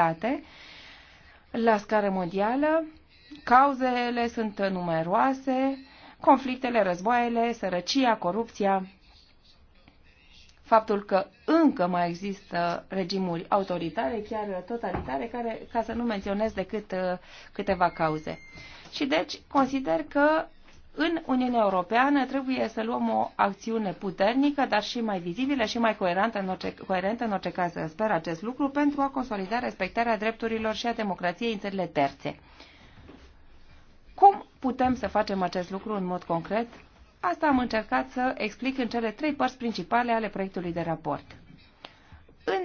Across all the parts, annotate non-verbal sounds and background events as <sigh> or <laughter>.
amenințate la scară mondială. Cauzele sunt numeroase, conflictele, războaiele, sărăcia, corupția, faptul că încă mai există regimuri autoritare, chiar totalitare, care, ca să nu menționez decât uh, câteva cauze. Și deci consider că în Uniunea Europeană trebuie să luăm o acțiune puternică, dar și mai vizibilă și mai coerentă în orice, coerentă în orice caz. Sper acest lucru pentru a consolida respectarea drepturilor și a democrației în țările terțe. Cum putem să facem acest lucru în mod concret? Asta am încercat să explic în cele trei părți principale ale proiectului de raport.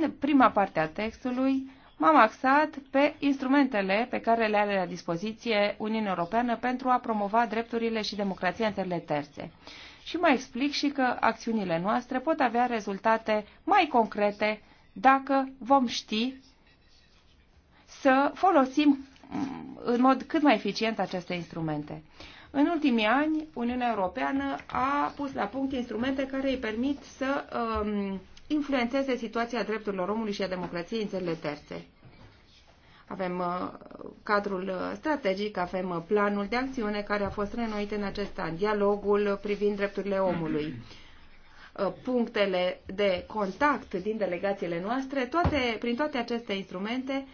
În prima parte a textului, m-am axat pe instrumentele pe care le are la dispoziție Uniunea Europeană pentru a promova drepturile și democrația în țările terțe. Și mai explic și că acțiunile noastre pot avea rezultate mai concrete dacă vom ști să folosim mm, în mod cât mai eficient aceste instrumente. În ultimii ani, Uniunea Europeană a pus la punct instrumente care îi permit să um, influențeze situația drepturilor omului și a democrației în țările terțe. Avem uh, cadrul uh, strategic, avem uh, planul de acțiune care a fost renoit în acest an, dialogul privind drepturile omului, punctele de contact din delegațiile noastre, toate, prin toate aceste instrumente,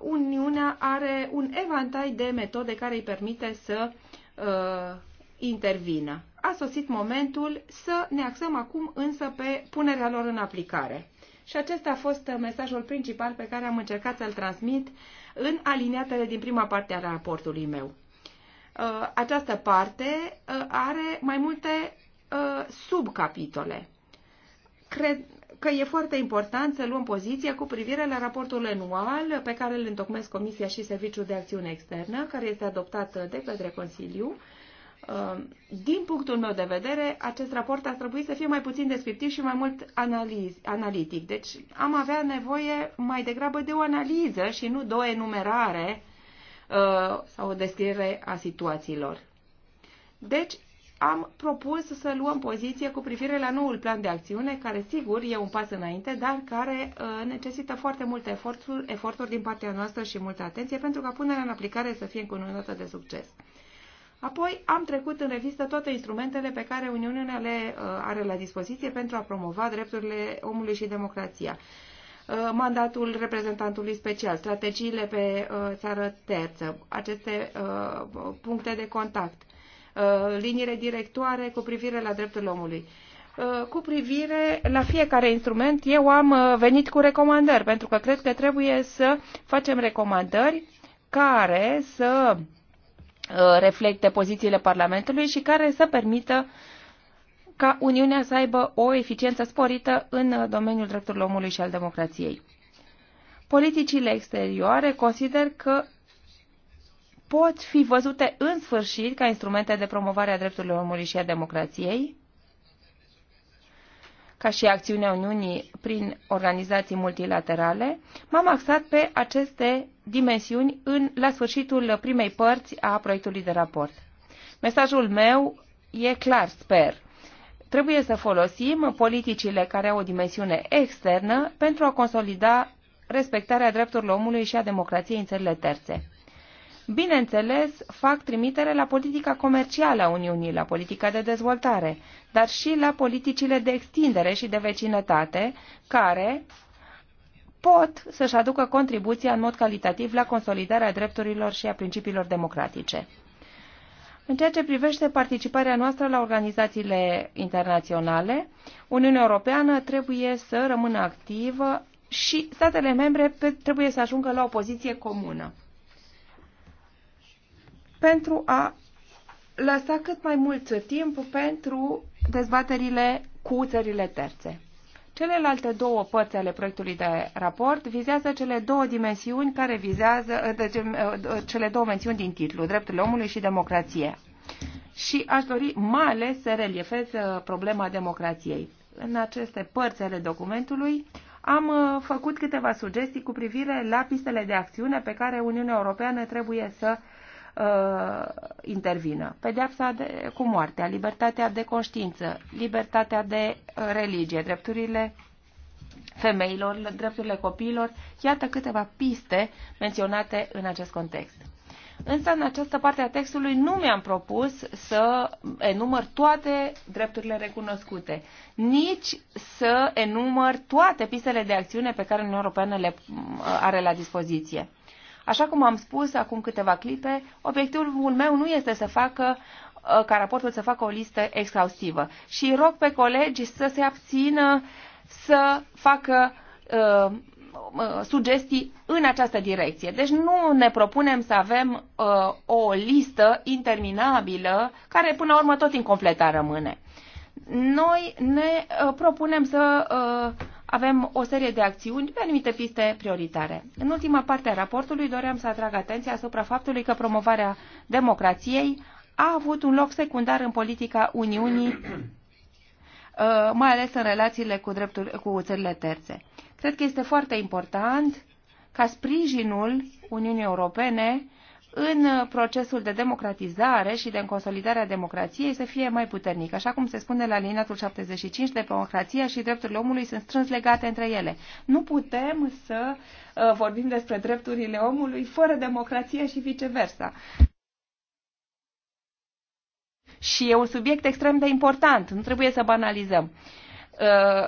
Uniunea are un evantai de metode care îi permite să uh, intervină. A sosit momentul să ne axăm acum însă pe punerea lor în aplicare. Și acesta a fost mesajul principal pe care am încercat să-l transmit în aliniatele din prima parte a raportului meu. Uh, această parte uh, are mai multe uh, subcapitole. Cred că e foarte important să luăm poziția cu privire la raportul anual pe care îl întocmesc Comisia și Serviciul de Acțiune Externă, care este adoptat de către Consiliu, Um, din punctul meu de vedere, acest raport ar trebui să fie mai puțin descriptiv și mai mult analiz, analitic. Deci am avea nevoie mai degrabă de o analiză și nu de o enumerare uh, sau o descriere a situațiilor. Deci am propus să luăm poziție cu privire la noul plan de acțiune, care sigur e un pas înainte, dar care uh, necesită foarte multe eforturi, eforturi din partea noastră și multă atenție pentru ca punerea în aplicare să fie încununată de succes. Apoi am trecut în revistă toate instrumentele pe care Uniunea le uh, are la dispoziție pentru a promova drepturile omului și democrația. Uh, mandatul reprezentantului special, strategiile pe uh, țară terță, aceste puncte de contact, liniile directoare cu privire la drepturile omului cu privire la fiecare instrument, eu am venit cu recomandări, pentru că cred că trebuie să facem recomandări care să Uh, reflecte pozițiile Parlamentului și care să permită ca Uniunea să aibă o eficiență sporită în uh, domeniul drepturilor omului și al democrației. Politicile exterioare consider că pot fi văzute în sfârșit ca instrumente de promovare a drepturilor omului și a democrației, ca și acțiunea Uniunii prin organizații multilaterale, m-am axat pe aceste dimensiuni în, la sfârșitul primei părți a proiectului de raport. Mesajul meu e clar, sper. Trebuie să folosim politicile care au o dimensiune externă pentru a consolida respectarea drepturilor omului și a democrației în țările terțe bineînțeles, fac trimitere la politica comercială a Uniunii, la politica de dezvoltare, dar și la politicile de extindere și de vecinătate, care pot să-și aducă contribuția în mod calitativ la consolidarea drepturilor și a principiilor democratice. În ceea ce privește participarea noastră la organizațiile internaționale, Uniunea Europeană trebuie să rămână activă și statele membre trebuie să ajungă la o poziție comună pentru a lăsa cât mai mult timp pentru dezbaterile cu țările terțe. Celelalte două părți ale proiectului de raport vizează cele două dimensiuni care vizează deci, cele două mențiuni din titlu, drepturile omului și democrație. Și aș dori mai ales să reliefez eh, problema democrației. În aceste părți ale documentului am făcut câteva sugestii cu privire la pistele de acțiune pe care Uniunea Europeană trebuie să uh, intervină. Pedeapsa de, cu moartea, libertatea de conștiință, libertatea de uh, religie, drepturile femeilor, drepturile copiilor, iată câteva piste menționate în acest context. Însă în această parte a textului nu mi-am propus să enumăr toate drepturile recunoscute, nici să enumăr toate pistele de acțiune pe care Uniunea Europeană le uh, are la dispoziție. Așa cum am spus acum câteva clipe, obiectivul meu nu este să facă uh, ca raportul să facă o listă exhaustivă. Și rog pe colegi să se abțină să facă uh, uh, sugestii în această direcție. Deci nu ne propunem să avem uh, o listă interminabilă care până la urmă tot incompleta rămâne. Noi ne uh, propunem să uh, avem o serie de acțiuni pe anumite piste prioritare. În ultima parte a raportului doream să atrag atenția asupra faptului că promovarea democrației a avut un loc secundar în politica Uniunii, <clears throat> uh, mai ales în relațiile cu, dreptul, cu țările terțe. Cred că este foarte important ca sprijinul Uniunii Europene în procesul de democratizare și de consolidare a democrației să fie mai puternic. Așa cum se spune la alineatul 75, democrația și drepturile omului sunt strâns legate între ele. Nu putem să uh, vorbim despre drepturile omului fără democrație și viceversa. Și e un subiect extrem de important, nu trebuie să banalizăm. Uh, Uh,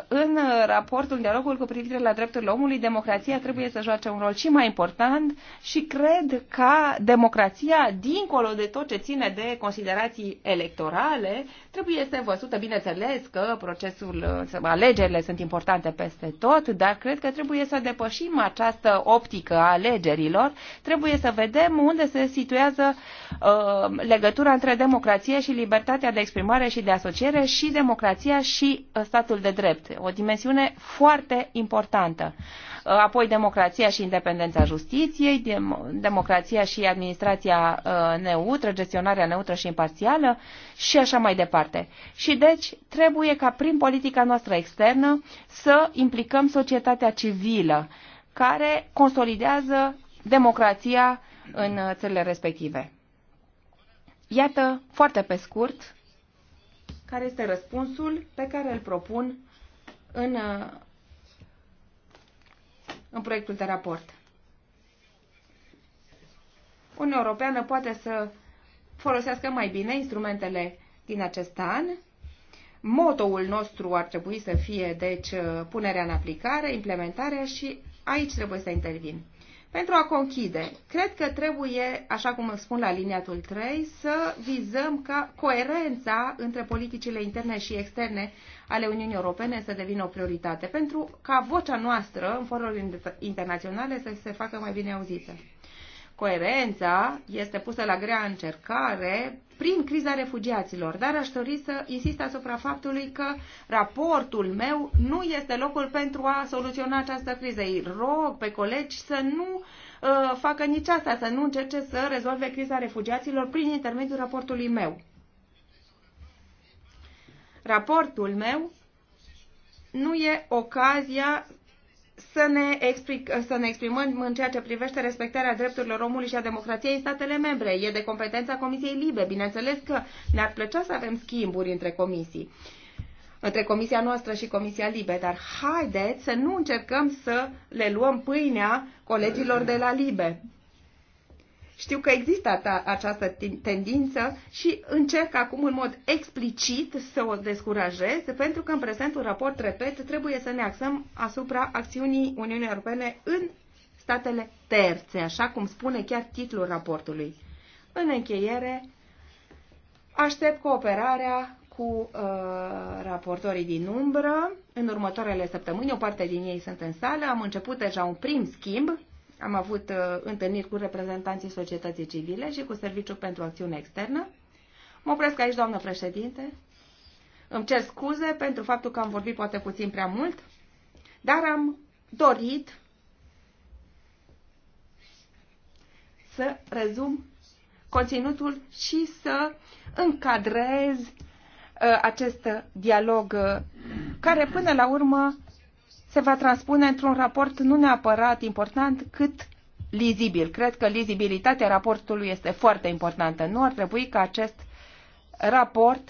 în raportul dialogul cu privire la drepturile omului, democrația trebuie să joace un rol și mai important și cred că democrația, dincolo de tot ce ține de considerații electorale, trebuie să văzută, bineînțeles că procesul, alegerile sunt importante peste tot, dar cred că trebuie să depășim această optică a alegerilor, trebuie să vedem unde se situează uh, legătura între democrație și libertatea de exprimare și de asociere și democrația și uh, statul de drept, o dimensiune foarte importantă. Uh, apoi democrația și independența justiției, democrația și administrația uh, neutră, gestionarea neutră și imparțială și așa mai departe. Și deci trebuie ca prin politica noastră externă să implicăm societatea civilă care consolidează democrația în uh, țările respective. Iată, foarte pe scurt, care este răspunsul pe care îl propun în, uh, în proiectul de raport. Uniunea Europeană poate să folosească mai bine instrumentele din acest an. Motoul nostru ar trebui să fie, deci, uh, punerea în aplicare, implementarea și aici trebuie să intervin. Pentru a conchide, cred că trebuie, așa cum îmi spun la liniatul 3, să vizăm ca coerența între politicile interne și externe ale Uniunii Europene să devină o prioritate, pentru ca vocea noastră în foruri internaționale să se facă mai bine auzită. Coerența este pusă la grea încercare prin criza refugiaților, dar aș dori să insist asupra faptului că raportul meu nu este locul pentru a soluționa această criză. Îi rog pe colegi să nu uh, facă nici asta, să nu încerce să rezolve criza refugiaților prin intermediul raportului meu. Raportul meu nu e ocazia să ne, explic, să ne exprimăm în ceea ce privește respectarea drepturilor omului și a democrației în statele membre. E de competența Comisiei Libe. Bineînțeles că ne-ar plăcea să avem schimburi între comisii între comisia noastră și comisia Libe, dar haideți să nu încercăm să le luăm pâinea colegilor de la Libe. Știu că există această tendință și încerc acum în mod explicit să o descurajez, pentru că în prezentul raport, repet, trebuie să ne axăm asupra acțiunii Uniunii Europene în statele terțe, așa cum spune chiar titlul raportului. În încheiere, aștept cooperarea cu uh, raportorii din umbră. În următoarele săptămâni, o parte din ei sunt în sală. Am început deja un prim schimb am avut uh, întâlniri cu reprezentanții societății civile și cu Serviciul pentru Acțiune Externă. Mă opresc aici, doamnă președinte. Îmi cer scuze pentru faptul că am vorbit poate puțin prea mult, dar am dorit să rezum conținutul și să încadrez uh, acest dialog uh, care până la urmă se va transpune într-un raport nu neapărat important, cât lizibil. Cred că lizibilitatea raportului este foarte importantă. Nu ar trebui ca acest raport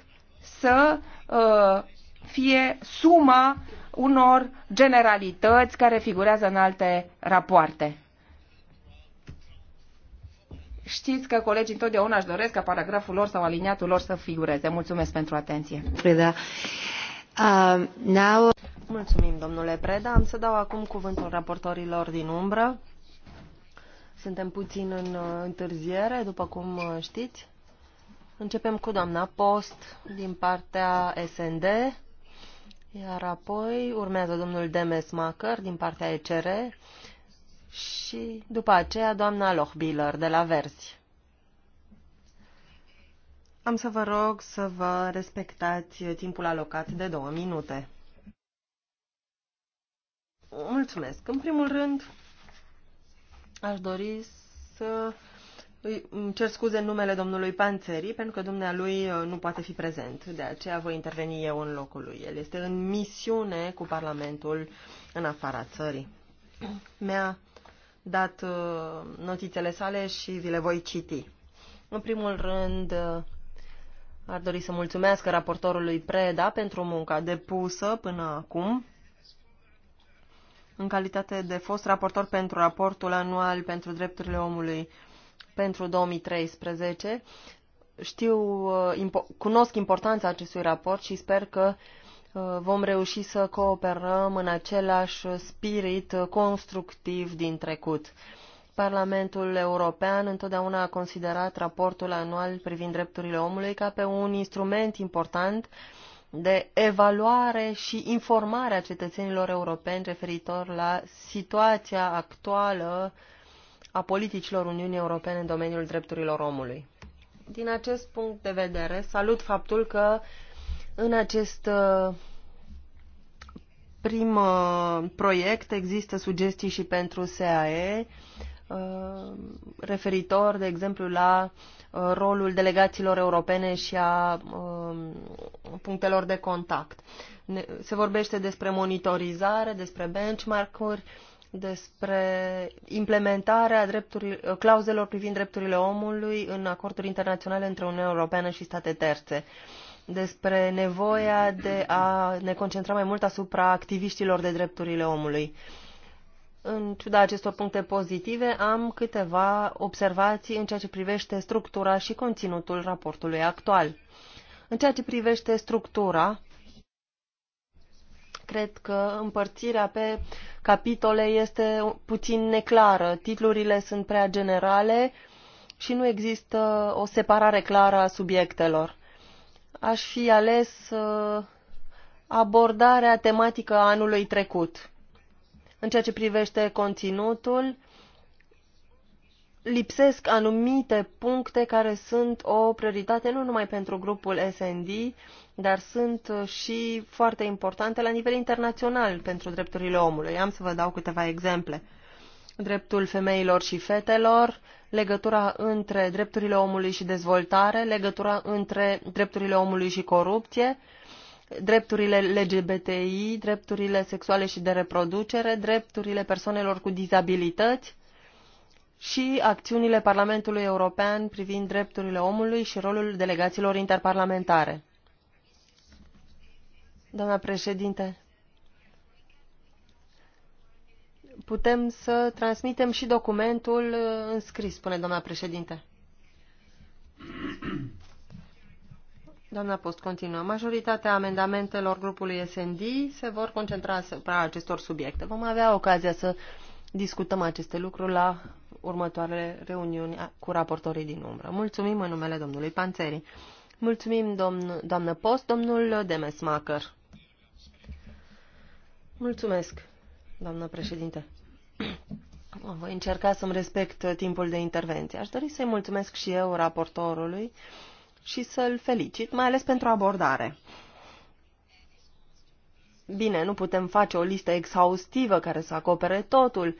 să uh, fie suma unor generalități care figurează în alte rapoarte. Știți că colegii întotdeauna își doresc ca paragraful lor sau aliniatul lor să figureze. Mulțumesc pentru atenție. Da. Uh, now... Mulțumim, domnule Preda. Am să dau acum cuvântul raportorilor din umbră. Suntem puțin în uh, întârziere, după cum uh, știți. Începem cu doamna Post din partea SND, iar apoi urmează domnul Demes Macker din partea ECR și după aceea doamna Lochbiller de la Versi. Am să vă rog să vă respectați timpul alocat de două minute. Mulțumesc. În primul rând, aș dori să îi cer scuze în numele domnului Panțeri, pentru că dumnealui uh, nu poate fi prezent. De aceea voi interveni eu în locul lui. El este în misiune cu Parlamentul în afara țării. <clears throat> Mi-a dat uh, notițele sale și vi le voi citi. În primul rând, uh, ar dori să mulțumesc raportorului Preda pentru munca depusă până acum în calitate de fost raportor pentru raportul anual pentru drepturile omului pentru 2013. Știu, uh, cunosc importanța acestui raport și sper că uh, vom reuși să cooperăm în același spirit constructiv din trecut. Parlamentul European întotdeauna a considerat raportul anual privind drepturile omului ca pe un instrument important uh, de evaluare și informare a cetățenilor europeni referitor la situația actuală a politicilor Uniunii Europene în domeniul drepturilor omului. Din acest punct de vedere, salut faptul că în acest uh, prim uh, proiect există sugestii și pentru SAE uh, referitor, de exemplu, la uh, rolul delegațiilor europene și a um, punctelor de contact. Se vorbește despre monitorizare, despre benchmark-uri, despre implementarea drepturilor, clauzelor privind drepturile omului în acorduri internaționale între Uniunea Europeană și state terțe, despre nevoia de a ne concentra mai mult asupra activiștilor de drepturile omului. Uh, în ciuda acestor puncte pozitive, am câteva observații în ceea ce privește structura și conținutul raportului actual. În ceea ce privește structura, cred că împărțirea pe capitole este puțin neclară. Titlurile sunt prea generale și nu există o separare clară a subiectelor. Aș fi ales uh, abordarea tematică a anului trecut în ceea ce privește conținutul, lipsesc anumite puncte care sunt o prioritate nu numai pentru grupul SND, dar sunt și foarte importante la nivel internațional pentru drepturile omului. Am să vă dau câteva exemple. Dreptul femeilor și fetelor, legătura între drepturile omului și dezvoltare, legătura între drepturile omului și corupție, drepturile LGBTI, drepturile sexuale și de reproducere, drepturile persoanelor cu dizabilități și acțiunile Parlamentului European privind drepturile omului și rolul delegațiilor interparlamentare. Doamna președinte, putem să transmitem și documentul înscris, spune doamna președinte. Doamna Post continuă. Majoritatea amendamentelor grupului SND se vor concentra asupra acestor subiecte. Vom avea ocazia să discutăm aceste lucruri la următoarele reuniuni cu raportorii din umbră. Mulțumim în numele domnului Panțeri. Mulțumim, domn, doamnă Post, domnul Demesmacher. Mulțumesc, doamnă președinte. <clears throat> Voi încerca să-mi respect timpul de intervenție. Aș dori să-i mulțumesc și eu raportorului și să-l felicit, mai ales pentru abordare. Bine, nu putem face o listă exhaustivă care să acopere totul,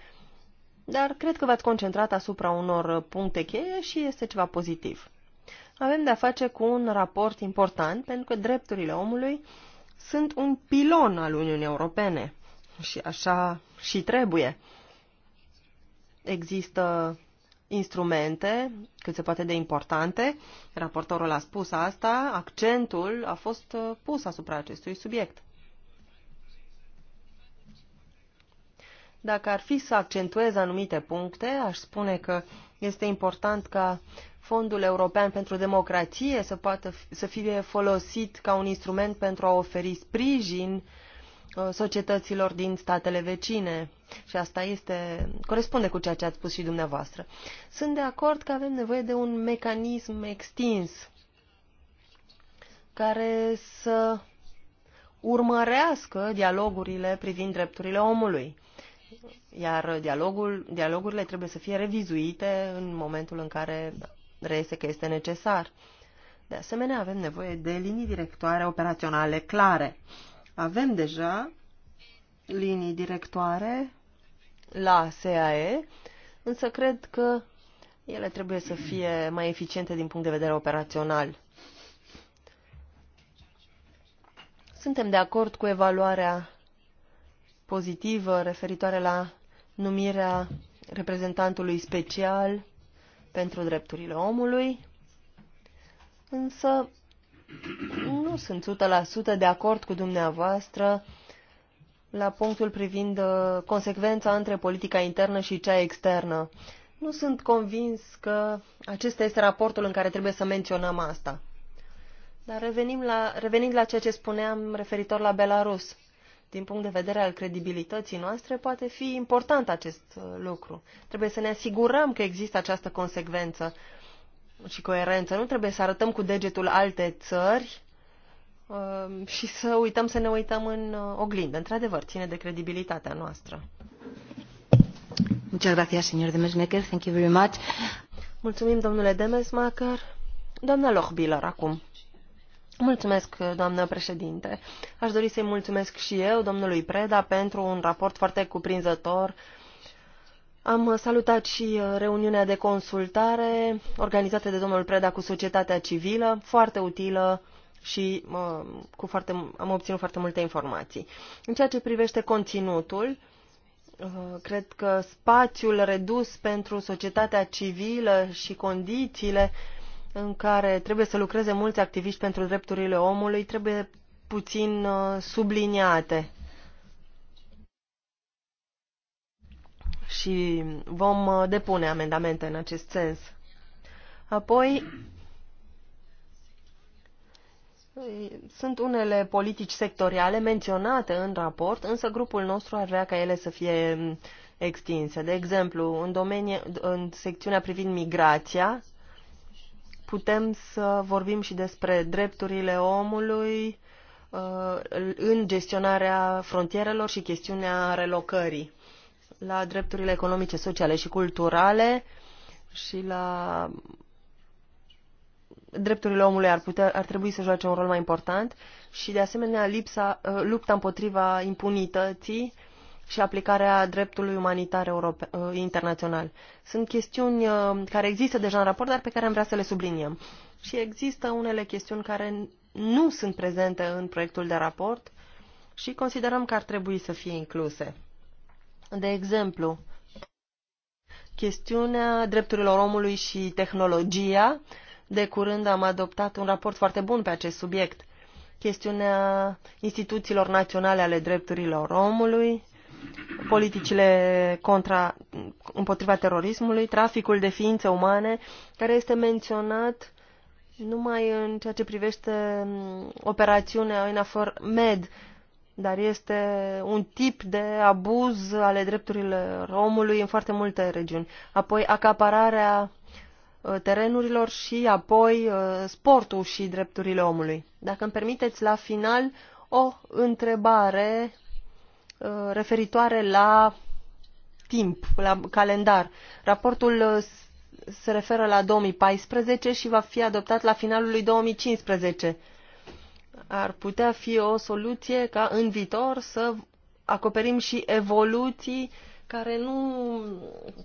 dar cred că v-ați concentrat asupra unor puncte cheie și este ceva pozitiv. Avem de-a face cu un raport important pentru că drepturile omului sunt un pilon al Uniunii Europene și așa și trebuie. Există instrumente cât se poate de importante. Raportorul a spus asta, accentul a fost uh, pus asupra acestui subiect. Dacă ar fi să accentuez anumite puncte, aș spune că este important ca Fondul European pentru Democrație să, poată, să fie folosit ca un instrument pentru a oferi sprijin uh, societăților din statele vecine și asta este, corespunde cu ceea ce ați spus și dumneavoastră. Sunt de acord că avem nevoie de un mecanism extins care să urmărească dialogurile privind drepturile omului. Iar dialogul, dialogurile trebuie să fie revizuite în momentul în care reiese că este necesar. De asemenea, avem nevoie de linii directoare operaționale clare. Avem deja linii directoare la SAE, însă cred că ele trebuie să fie mai eficiente din punct de vedere operațional. Suntem de acord cu evaluarea pozitivă referitoare la numirea reprezentantului special pentru drepturile omului, însă nu sunt 100% de acord cu dumneavoastră la punctul privind uh, consecvența între politica internă și cea externă. Nu sunt convins că acesta este raportul în care trebuie să menționăm asta. Dar revenim la, revenind la ceea ce spuneam referitor la Belarus, din punct de vedere al credibilității noastre, poate fi important acest uh, lucru. Trebuie să ne asigurăm că există această consecvență și coerență. Nu trebuie să arătăm cu degetul alte țări Um, și să uităm să ne uităm în uh, oglindă. Într-adevăr, ține de credibilitatea noastră. Muchas gracias, señor Demesmaker. Thank you very much. Mulțumim, domnule Demesmaker. Doamna Lochbiller, acum. Mulțumesc, doamnă președinte. Aș dori să-i mulțumesc și eu, domnului Preda, pentru un raport foarte cuprinzător. Am salutat și uh, reuniunea de consultare organizată de domnul Preda cu societatea civilă, foarte utilă și cu foarte, am obținut foarte multe informații. În ceea ce privește conținutul, uh, cred că spațiul redus pentru societatea civilă și condițiile în care trebuie să lucreze mulți activiști pentru drepturile omului trebuie puțin uh, subliniate. Și vom uh, depune amendamente în acest sens. Apoi, sunt unele politici sectoriale menționate în raport, însă grupul nostru ar vrea ca ele să fie extinse. De exemplu, în, domenie, în secțiunea privind migrația, putem să vorbim și despre drepturile omului uh, în gestionarea frontierelor și chestiunea relocării la drepturile economice, sociale și culturale și la drepturile omului ar, putea, ar trebui să joace un rol mai important și, de asemenea, lipsa, uh, lupta împotriva impunității și aplicarea dreptului umanitar europe, uh, internațional. Sunt chestiuni uh, care există deja în raport, dar pe care am vrea să le subliniem. Și există unele chestiuni care nu sunt prezente în proiectul de raport și considerăm că ar trebui să fie incluse. De exemplu, chestiunea drepturilor omului și tehnologia, de curând am adoptat un raport foarte bun pe acest subiect. Chestiunea instituțiilor naționale ale drepturilor omului, politicile contra, împotriva terorismului, traficul de ființe umane, care este menționat numai în ceea ce privește mm, operațiunea Enafor Med, dar este un tip de abuz ale drepturilor omului în foarte multe regiuni. Apoi acapararea Uh, terenurilor și apoi uh, sportul și drepturile omului. Dacă îmi permiteți, la final, o întrebare uh, referitoare la timp, la calendar. Raportul se referă la 2014 și va fi adoptat la finalul lui 2015. Ar putea fi o soluție ca în viitor să acoperim și evoluții uh, care nu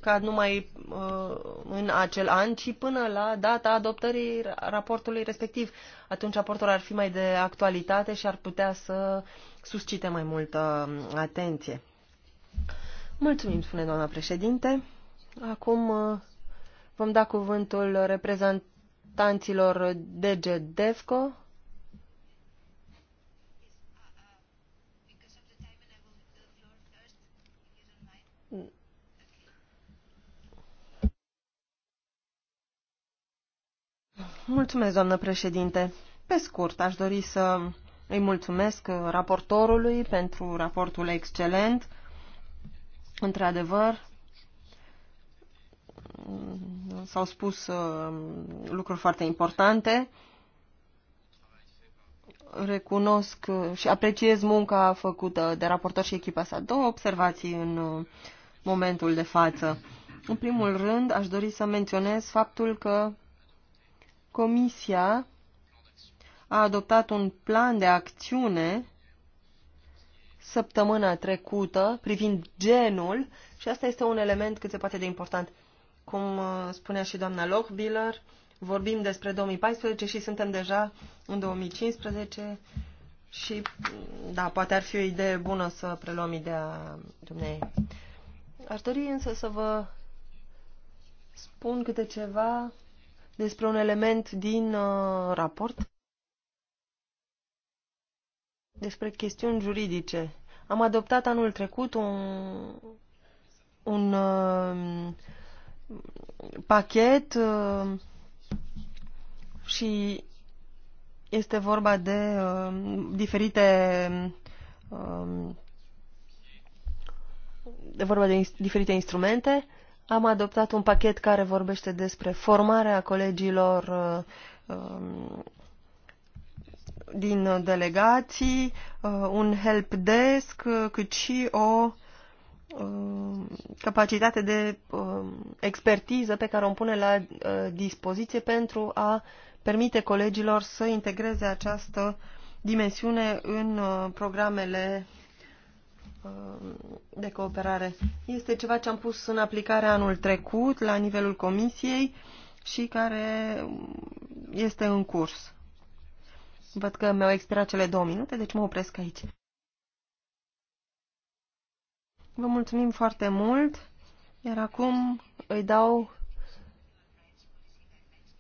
cad numai uh, în acel an, ci până la data adoptării raportului respectiv. Atunci raportul ar fi mai de actualitate și ar putea să suscite mai multă um, atenție. Mulțumim, spune doamna președinte. Acum uh, vom da cuvântul reprezentanților DG DEFCO, Mulțumesc, doamnă președinte. Pe scurt, aș dori să îi mulțumesc raportorului pentru raportul excelent. Într-adevăr, s-au spus uh, lucruri foarte importante. Recunosc și apreciez munca făcută de raportor și echipa sa. Două observații în uh, momentul de față. În primul rând, aș dori să menționez faptul că Comisia a adoptat un plan de acțiune săptămâna trecută privind genul și asta este un element cât se poate de important. Cum uh, spunea și doamna Lochbiller, vorbim despre 2014 și suntem deja în 2015 și, da, poate ar fi o idee bună să preluăm ideea dumnei. Aș dori însă să vă spun câte ceva despre un element din uh, raport, despre chestiuni juridice. Am adoptat anul trecut un, un uh, pachet uh, și este vorba de uh, diferite uh, de vorba de diferite instrumente am adoptat un pachet care vorbește despre formarea colegilor uh, um, din delegații, uh, un help desk, uh, cât și o um, capacitate de um, expertiză pe care o pune la dispoziție pentru a permite colegilor să integreze această dimensiune în programele Uh, de cooperare. Este ceva ce am pus în aplicare anul trecut la nivelul comisiei și care este în curs. Văd că mi-au expirat cele două minute, deci mă opresc aici. Vă mulțumim foarte mult, iar acum îi dau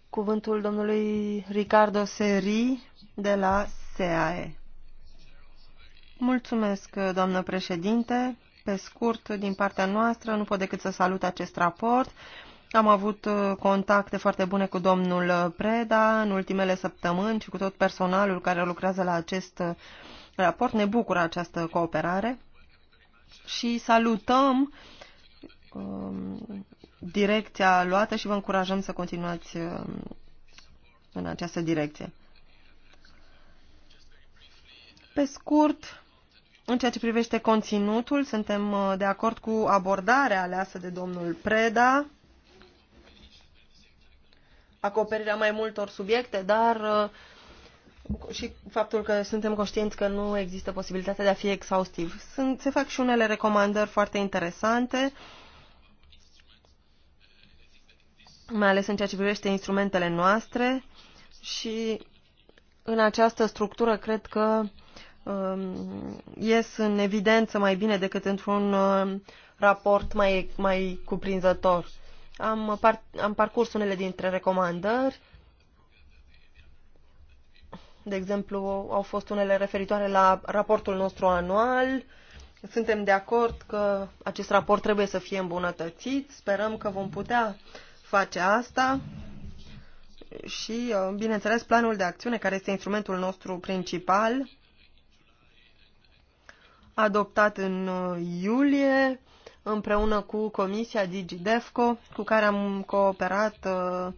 cuvântul domnului Ricardo Seri de la SEAE. Mulțumesc, doamnă președinte. Pe scurt, din partea noastră, nu pot decât să salut acest raport. Am avut uh, contacte foarte bune cu domnul Preda în ultimele săptămâni și cu tot personalul care lucrează la acest uh, raport. Ne bucură această cooperare și salutăm um, direcția luată și vă încurajăm să continuați um, în această direcție. Pe scurt, în ceea ce privește conținutul, suntem uh, de acord cu abordarea aleasă de domnul Preda, acoperirea mai multor subiecte, dar uh, și faptul că suntem conștienți că nu există posibilitatea de a fi exhaustiv. Sunt, se fac și unele recomandări foarte interesante, mai ales în ceea ce privește instrumentele noastre și în această structură cred că Um, ies în evidență mai bine decât într-un um, raport mai, mai cuprinzător. Am, par, am parcurs unele dintre recomandări. De exemplu, au fost unele referitoare la raportul nostru anual. Suntem de acord că acest raport trebuie să fie îmbunătățit. Sperăm că vom putea face asta. Și, uh, bineînțeles, planul de acțiune, care este instrumentul nostru principal, adoptat în uh, iulie împreună cu Comisia DigiDefco, cu care am cooperat uh,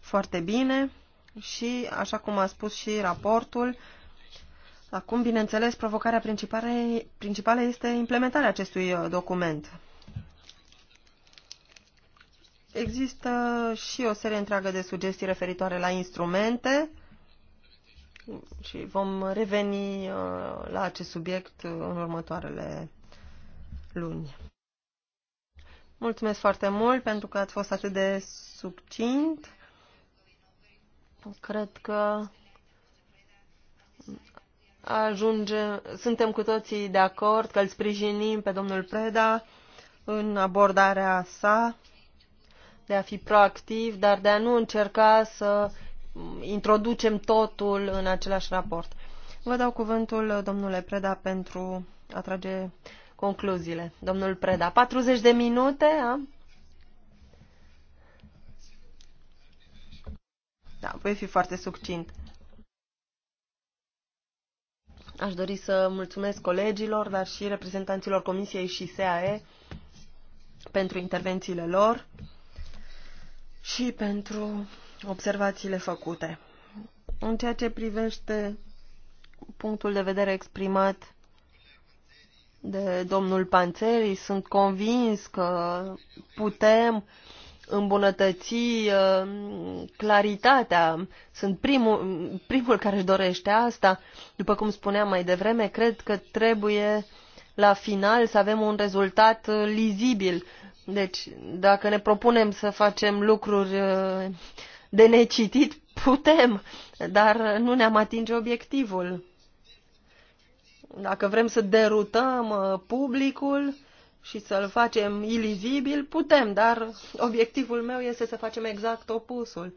foarte bine și, așa cum a spus și raportul, acum, bineînțeles, provocarea principală este implementarea acestui uh, document. Există și o serie întreagă de sugestii referitoare la instrumente, și vom reveni uh, la acest subiect uh, în următoarele luni. Mulțumesc foarte mult pentru că ați fost atât de succint. Cred că ajunge, suntem cu toții de acord că îl sprijinim pe domnul Preda în abordarea sa de a fi proactiv, dar de a nu încerca să introducem totul în același raport. Vă dau cuvântul, domnule Preda, pentru a trage concluziile. Domnul Preda, 40 de minute, a? Da, voi fi foarte succint. Aș dori să mulțumesc colegilor, dar și reprezentanților Comisiei și SAE pentru intervențiile lor și pentru observațiile făcute. În ceea ce privește punctul de vedere exprimat de domnul Panțeri, sunt convins că putem îmbunătăți uh, claritatea. Sunt primul, primul care își dorește asta. După cum spuneam mai devreme, cred că trebuie la final să avem un rezultat uh, lizibil. Deci, dacă ne propunem să facem lucruri uh, de necitit putem, dar nu ne-am atinge obiectivul. Dacă vrem să derutăm uh, publicul și să-l facem ilizibil, putem, dar obiectivul meu este să facem exact opusul.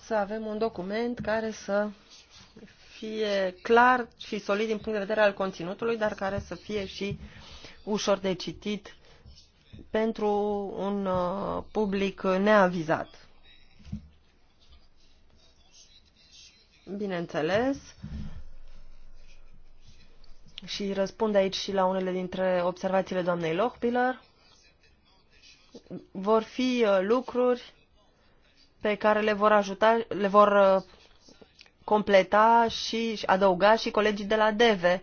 Să avem un document care să fie clar și solid din punct de vedere al conținutului, dar care să fie și ușor de citit pentru un uh, public neavizat. bineînțeles, și răspund aici și la unele dintre observațiile doamnei Lochbiller, vor fi uh, lucruri pe care le vor ajuta, le vor uh, completa și adăuga și colegii de la DEVE.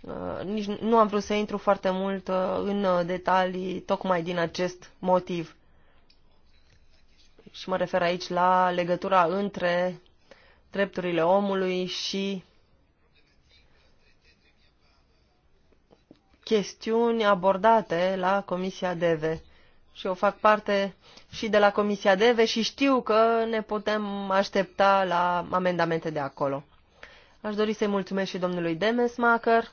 Uh, nici nu am vrut să intru foarte mult în detalii tocmai din acest motiv. Și mă refer aici la legătura între drepturile omului și chestiuni abordate la Comisia DEVE. Și eu fac parte și de la Comisia DEVE și știu că ne putem aștepta la amendamente de acolo. Aș dori să-i mulțumesc și domnului Demesmacher.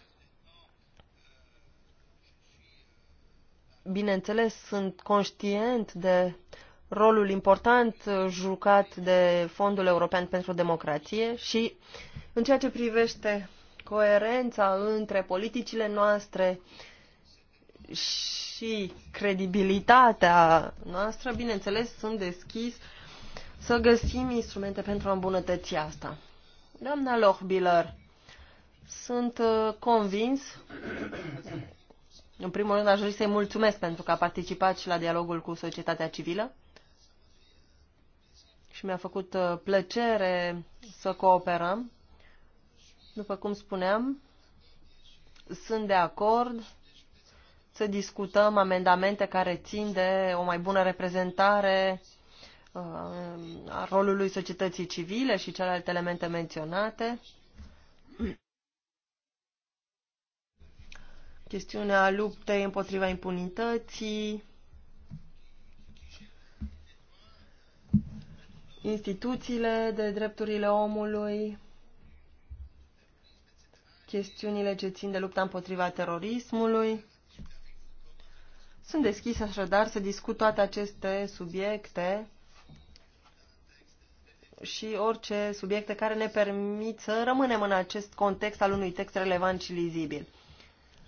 Bineînțeles, sunt conștient de rolul important uh, jucat de Fondul European pentru Democrație și în ceea ce privește coerența între politicile noastre și credibilitatea noastră, bineînțeles, sunt deschis să găsim instrumente pentru a îmbunătăți asta. Doamna Lochbiller, sunt uh, convins, în primul rând aș dori să-i mulțumesc pentru că a participat și la dialogul cu societatea civilă, și mi-a făcut uh, plăcere să cooperăm. După cum spuneam, sunt de acord să discutăm amendamente care țin de o mai bună reprezentare uh, a rolului societății civile și celelalte elemente menționate. Chestiunea luptei împotriva impunității, instituțiile de drepturile omului, chestiunile ce țin de lupta împotriva terorismului. Sunt deschis așadar să discut toate aceste subiecte și orice subiecte care ne permit să rămânem în acest context al unui text relevant și lizibil.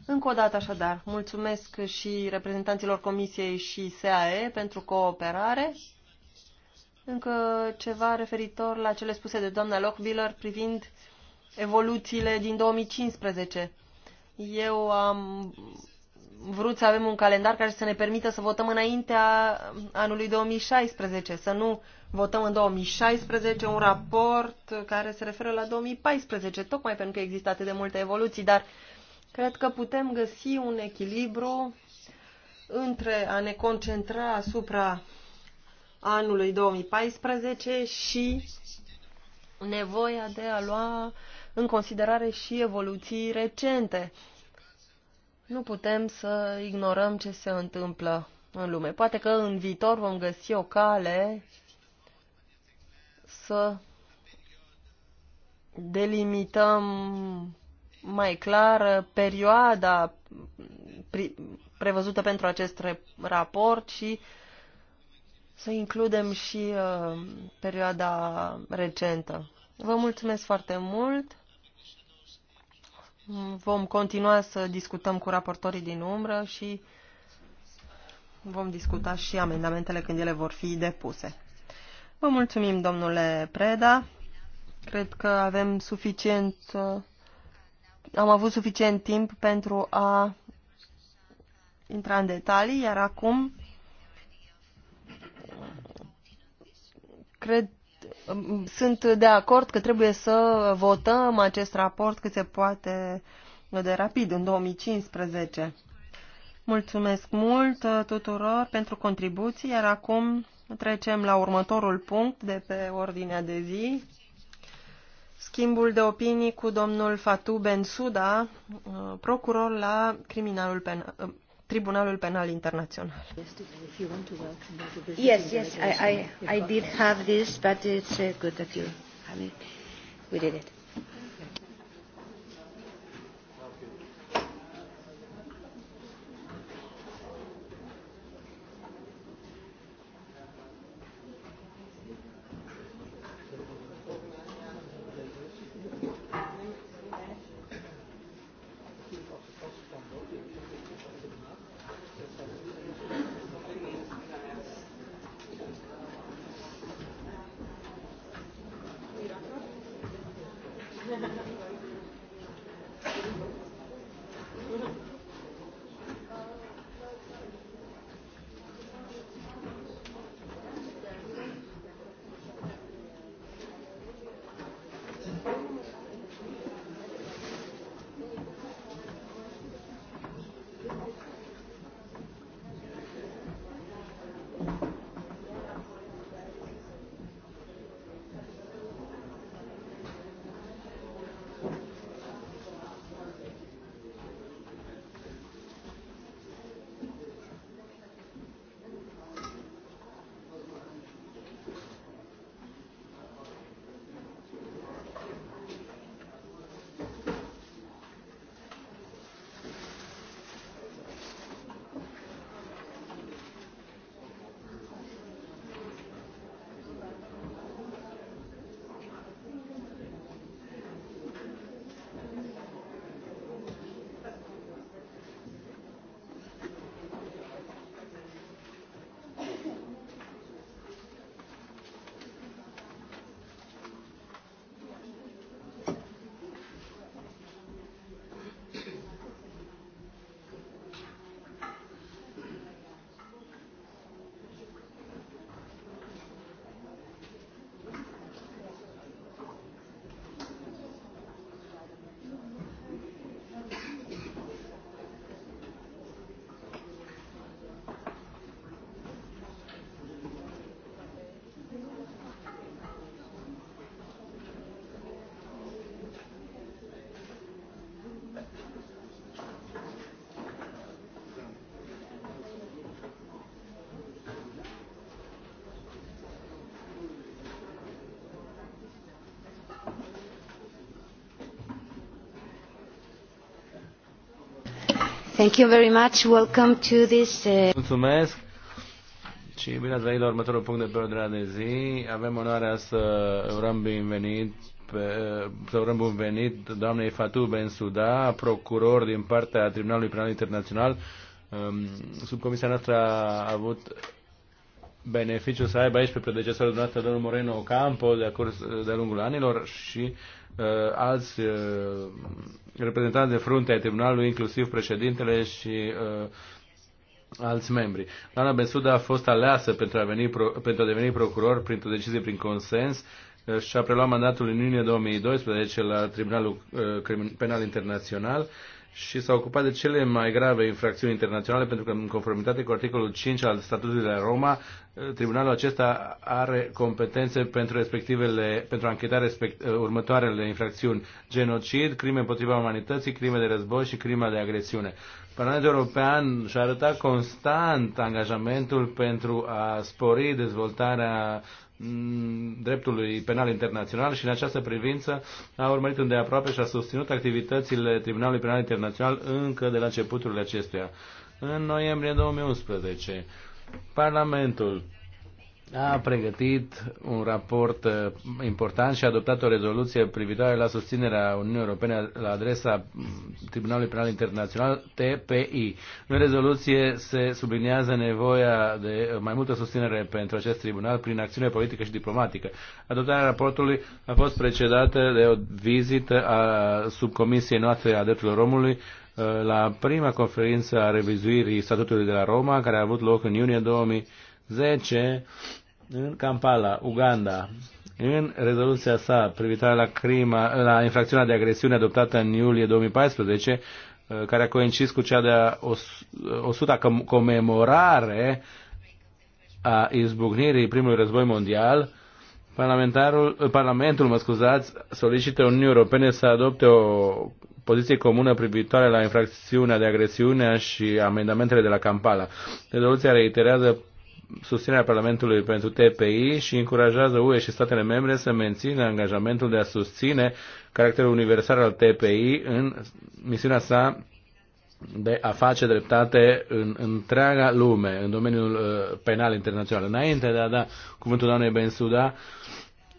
Încă o dată așadar, mulțumesc și reprezentanților Comisiei și SAE pentru cooperare. Încă ceva referitor la cele spuse de doamna Lockbiller privind evoluțiile din 2015. Eu am vrut să avem un calendar care să ne permită să votăm înaintea anului 2016, să nu votăm în 2016 un raport care se referă la 2014, tocmai pentru că există atât de multe evoluții, dar cred că putem găsi un echilibru între a ne concentra asupra anului 2014 și nevoia de a lua în considerare și evoluții recente. Nu putem să ignorăm ce se întâmplă în lume. Poate că în viitor vom găsi o cale să delimităm mai clar perioada prevăzută pentru acest raport și uh, să includem și uh, perioada recentă. Vă mulțumesc foarte mult. Vom continua să discutăm cu raportorii din umbră și vom discuta și amendamentele când ele vor fi depuse. Vă mulțumim, domnule Preda. Cred că avem suficient, uh, am avut suficient timp pentru a intra în detalii, iar acum Cred, um, um, sunt de acord că trebuie să votăm acest raport cât se poate de rapid, în 2015. Mulțumesc mult uh, tuturor pentru contribuții, iar acum trecem la următorul punct de pe ordinea de zi. Schimbul de opinii cu domnul Fatu Bensuda, uh, procuror la criminalul penal, uh, Tribunalul Penal Internațional. Yes, yes, I, I, I did have this, but it's uh, good that you have it. We did it. Thank you very much. Welcome to this. Uh... Mulțumesc. Și bine ați venit la următorul punct de pe ordinea de zi. Avem onoarea să urăm binevenit pe, să urăm bun venit doamnei Fatou Suda, procuror din partea Tribunalului Penal Internațional. Um, subcomisia noastră a avut beneficiu să aibă aici pe predecesorul dumneavoastră, domnul Moreno Campo, de-a de, de lungul anilor și uh, alți uh, reprezentant de frunte ai tribunalului, inclusiv președintele și uh, alți membri. Doamna Bensuda a fost aleasă pentru a, veni, pro, pentru a deveni procuror printr-o decizie prin consens uh, și a preluat mandatul în iunie 2012 la Tribunalul uh, Penal Internațional și s-a ocupat de cele mai grave infracțiuni internaționale, pentru că, în conformitate cu articolul 5 al statutului de la Roma, eh, tribunalul acesta are competențe pentru, respectivele, pentru a încheta respect, eh, următoarele infracțiuni. Genocid, crime împotriva umanității, crime de război și crime de agresiune. Parlamentul European și-a arătat constant angajamentul pentru a spori dezvoltarea Mm, dreptului penal internațional și în această privință a urmărit îndeaproape și a susținut activitățile Tribunalului Penal Internațional încă de la începuturile acestuia. În noiembrie 2011, Parlamentul a pregătit un raport eh, important și a adoptat o rezoluție privitoare la susținerea Uniunii Europene la adresa mm, Tribunalului Penal Internațional TPI. În rezoluție se subliniază nevoia de mai multă susținere pentru acest tribunal prin acțiune politică și diplomatică. Adoptarea raportului a fost precedată de o vizită a subcomisiei noastre a drepturilor omului eh, la prima conferință a revizuirii statutului de la Roma, care a avut loc în iunie 2010 în Kampala, Uganda, în rezoluția sa privitoare la crima, la infracțiunea de agresiune adoptată în iulie 2014, uh, care a coincis cu cea de 100 uh, comemorare a izbucnirii primului război mondial, Parlamentarul, uh, Parlamentul, mă scuzați, solicită Uniunii Europene să adopte o poziție comună privitoare la infracțiunea de agresiune și amendamentele de la Kampala. Rezoluția reiterează susținerea Parlamentului pentru TPI și încurajează UE și statele membre să mențină angajamentul de a susține caracterul universal al TPI în misiunea sa de a face dreptate în întreaga lume, în domeniul uh, penal internațional. Înainte de a da cuvântul doamnei Bensuda,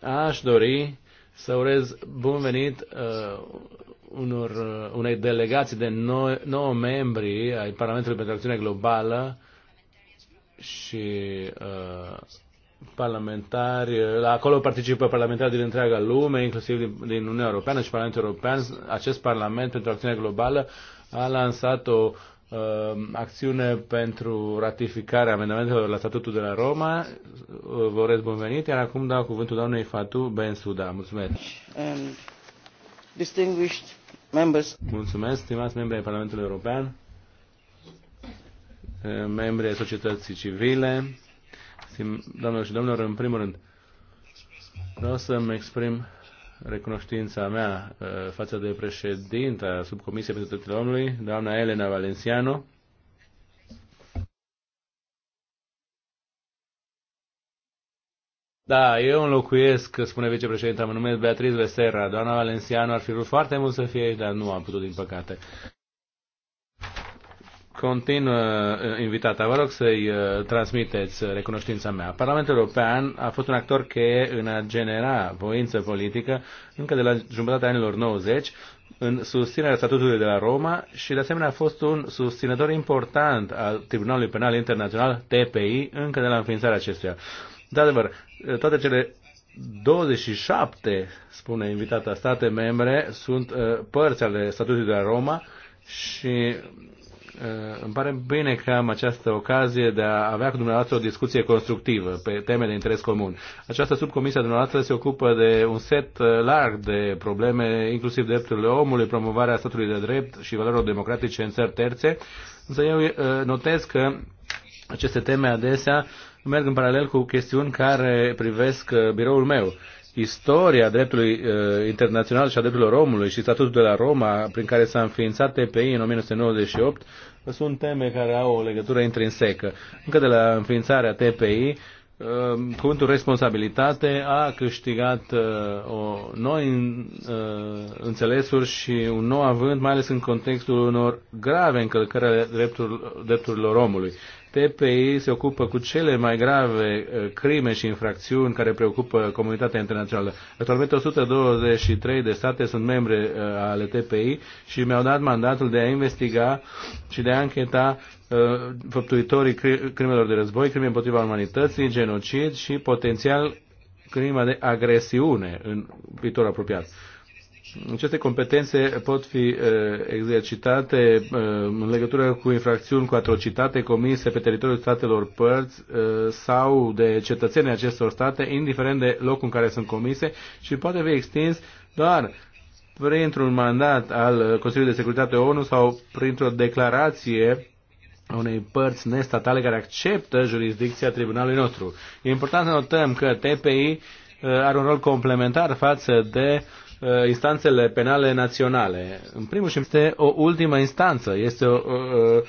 aș dori să urez bun venit uh, unor, uh, unei delegații de nouă membri ai Parlamentului pentru Acțiune Globală și uh, parlamentari, la acolo participă parlamentari din întreaga lume, inclusiv din, din Uniunea Europeană și Parlamentul European. Acest Parlament pentru Acțiune Globală a lansat o uh, acțiune pentru ratificarea amendamentelor la statutul de la Roma. Vă urez bun venit, iar acum dau cuvântul doamnei Fatu Ben Suda. Mulțumesc! distinguished members. Mulțumesc, stimați membri ai Parlamentului European membri ai societății civile, doamnelor și domnilor, în primul rând, vreau să-mi exprim recunoștința mea uh, față de președinta Subcomisiei pentru Drepturile Omului, doamna Elena Valenciano, Da, eu înlocuiesc, spune vicepreședinta, mă numesc Beatriz Vesera. Doamna Valenciano ar fi vrut foarte mult să fie aici, dar nu a putut, din păcate. Continuă uh, invitata, vă rog să-i uh, transmiteți uh, recunoștința mea. Parlamentul European a fost un actor cheie în a genera voință politică încă de la jumătatea anilor 90 în susținerea statutului de la Roma și de asemenea a fost un susținător important al Tribunalului Penal Internațional, TPI, încă de la înființarea acestuia. De adevăr, toate cele 27, spune invitata, state membre sunt părți ale statutului de la Roma și Eh, îmi pare bine că am această ocazie de a avea cu dumneavoastră o discuție constructivă pe teme de interes comun. Această subcomisie a dumneavoastră se ocupă de un set eh, larg de probleme, inclusiv drepturile omului, promovarea statului de drept și valorilor democratice în țări terțe, însă eu eh, notez că aceste teme adesea merg în paralel cu chestiuni care privesc biroul meu istoria dreptului uh, internațional și a drepturilor omului și statutul de la Roma, prin care s-a înființat TPI în 1998, sunt teme care au o legătură intrinsecă. Încă de la înființarea TPI, uh, cuvântul responsabilitate a câștigat uh, o noi uh, înțelesuri și un nou avânt, mai ales în contextul unor grave încălcări ale drepturilor omului. TPI se ocupă cu cele mai grave uh, crime și infracțiuni care preocupă comunitatea internațională. Actualmente 123 de state sunt membre uh, ale TPI și mi-au dat mandatul de a investiga și de a încheta uh, făptuitorii crimelor de război, crime împotriva umanității, genocid și potențial crima de agresiune în viitor apropiat aceste competențe pot fi eh, exercitate eh, în legătură cu infracțiuni cu atrocitate comise pe teritoriul statelor părți eh, sau de cetățenii acestor state, indiferent de locul în care sunt comise și poate fi extins doar printr-un mandat al Consiliului de Securitate ONU sau printr-o declarație a unei părți nestatale care acceptă jurisdicția tribunalului nostru. E important să notăm că TPI are un rol complementar față de uh, Uh, instanțele penale naționale. În primul și este o ultimă instanță. Este o, o,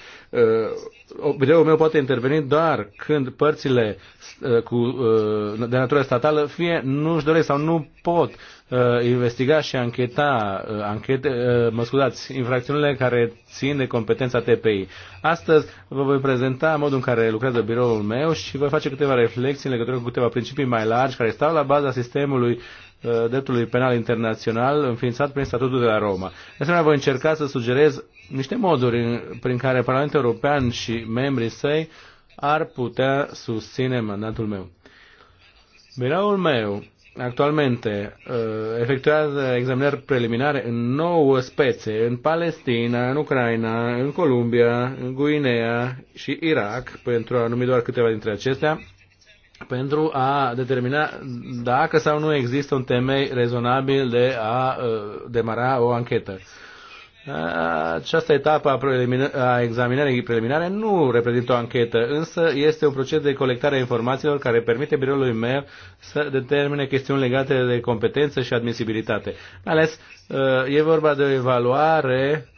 o, videoul meu poate interveni doar când părțile uh, cu, uh, de natură statală fie nu își doresc sau nu pot investiga și ancheta anchete, mă scuzați, infracțiunile care țin de competența TPI. Astăzi vă voi prezenta modul în care lucrează biroul meu și voi face câteva reflexii în legătură cu câteva principii mai largi care stau la baza sistemului Uh, dreptului penal internațional înființat prin statutul de la Roma. De asemenea, voi încerca să sugerez niște moduri prin care Parlamentul European și membrii săi ar putea susține mandatul meu. Biroul meu actualmente uh, efectuează examinări preliminare în nouă spețe, în Palestina, în Ucraina, în Columbia, în Guinea și Irak, pentru a numi doar câteva dintre acestea, pentru a determina dacă sau nu există un temei rezonabil de a uh, demara o anchetă. Această etapă a examinării preliminare nu reprezintă o anchetă, însă este un proces de colectare a informațiilor care permite biroului meu să determine chestiuni legate de competență și admisibilitate. Mai ales uh, e vorba de o evaluare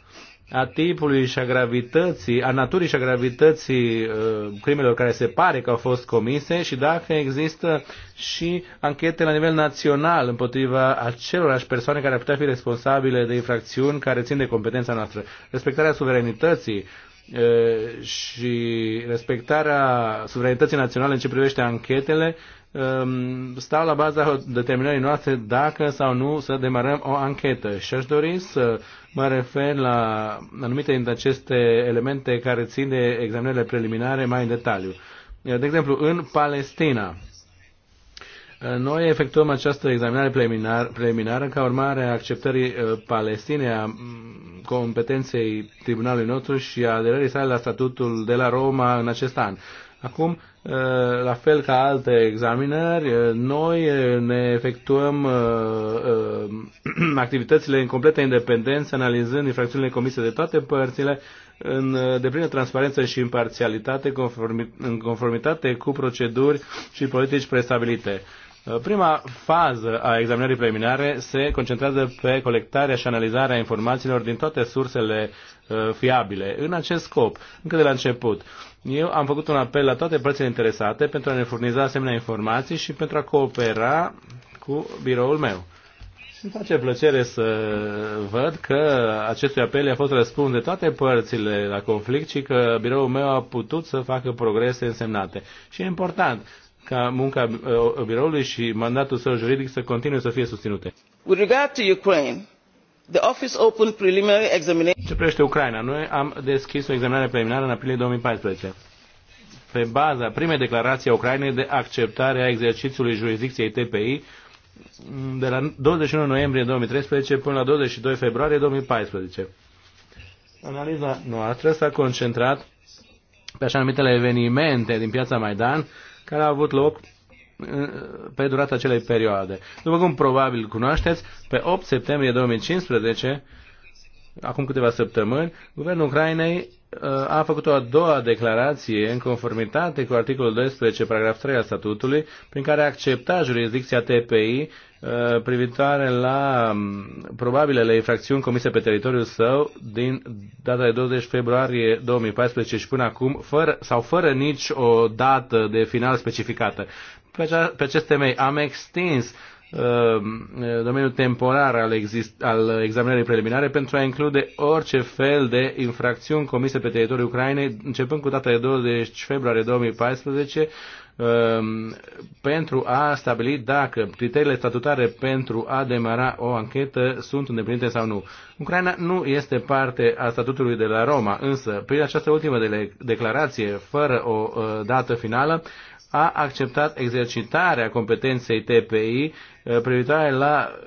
a tipului și a gravității, a naturii și a gravității uh, crimelor care se pare că au fost comise și dacă există și anchete la nivel național împotriva acelorași persoane care ar putea fi responsabile de infracțiuni care țin de competența noastră. Respectarea suveranității uh, și respectarea suveranității naționale în ce privește anchetele Um, stau la baza determinării noastre dacă sau nu să demarăm o anchetă. Și aș dori să mă refer la anumite dintre aceste elemente care țin de examenele preliminare mai în detaliu. De exemplu, în Palestina, noi efectuăm această examinare preliminar, preliminară ca urmare a acceptării uh, Palestinei a mm, competenței tribunalului nostru și a aderării sale la statutul de la Roma în acest an. Acum, eh, la fel ca alte examinări, eh, noi eh, ne efectuăm <clears throat> activitățile în completă independență, analizând infracțiunile comise de toate părțile, în deplină transparență și imparțialitate, în conformitate cu proceduri și politici prestabilite. Prima fază a examinării preliminare se concentrează pe colectarea și analizarea informațiilor din toate sursele fiabile. În acest scop, încă de la început, eu am făcut un apel la toate părțile interesate pentru a ne furniza asemenea informații și pentru a coopera cu biroul meu. Și îmi face plăcere să văd că acestui apel a fost răspuns de toate părțile la conflict și că biroul meu a putut să facă progrese însemnate. Și e important ca munca uh, biroului și mandatul său juridic să continue să fie susținute. With regard to Ukraine, The office opened preliminary examination. Ce privește Ucraina, noi am deschis o examinare preliminară în aprilie 2014 pe baza primei declarații a Ucrainei de acceptare a exercițiului jurisdicției TPI de la 21 noiembrie 2013 până la 22 februarie 2014. Analiza noastră s-a concentrat pe așa numitele evenimente din piața Maidan care au avut loc pe durata acelei perioade. După cum probabil cunoașteți, pe 8 septembrie 2015, acum câteva săptămâni, guvernul Ucrainei uh, a făcut o a doua declarație în conformitate cu articolul 12, paragraf 3 al statutului, prin care accepta jurisdicția TPI uh, privitoare la um, probabilele infracțiuni comise pe teritoriul său din data de 20 februarie 2014 și până acum, fără, sau fără nici o dată de final specificată pe, acea, pe acest temei am extins uh, domeniul temporar al, exist, al examinării preliminare pentru a include orice fel de infracțiuni comise pe teritoriul Ucrainei, începând cu data de 20 februarie 2014, Ehm, pentru a stabili dacă criteriile statutare pentru a demara o anchetă sunt îndeplinite sau nu. Ucraina nu este parte a statutului de la Roma, însă prin această ultimă declarație, fără o eh, dată finală, a acceptat exercitarea competenței TPI Uh, privitoare la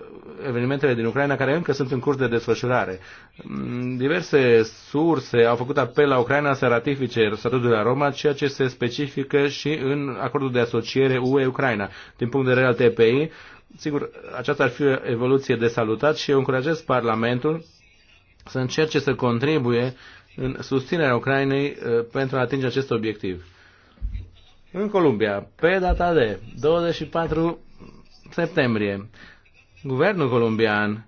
evenimentele din Ucraina care încă sunt în curs de desfășurare. Mm, diverse surse au făcut apel la Ucraina să ratifice statutul la Roma, ceea ce se specifică și în acordul de asociere UE-Ucraina. Din punct de vedere al TPI, sigur, aceasta ar fi o evoluție de salutat și eu încurajez Parlamentul să încerce să contribuie în susținerea Ucrainei uh, pentru a atinge acest obiectiv. În Columbia, pe data de 24 septembrie. Guvernul colombian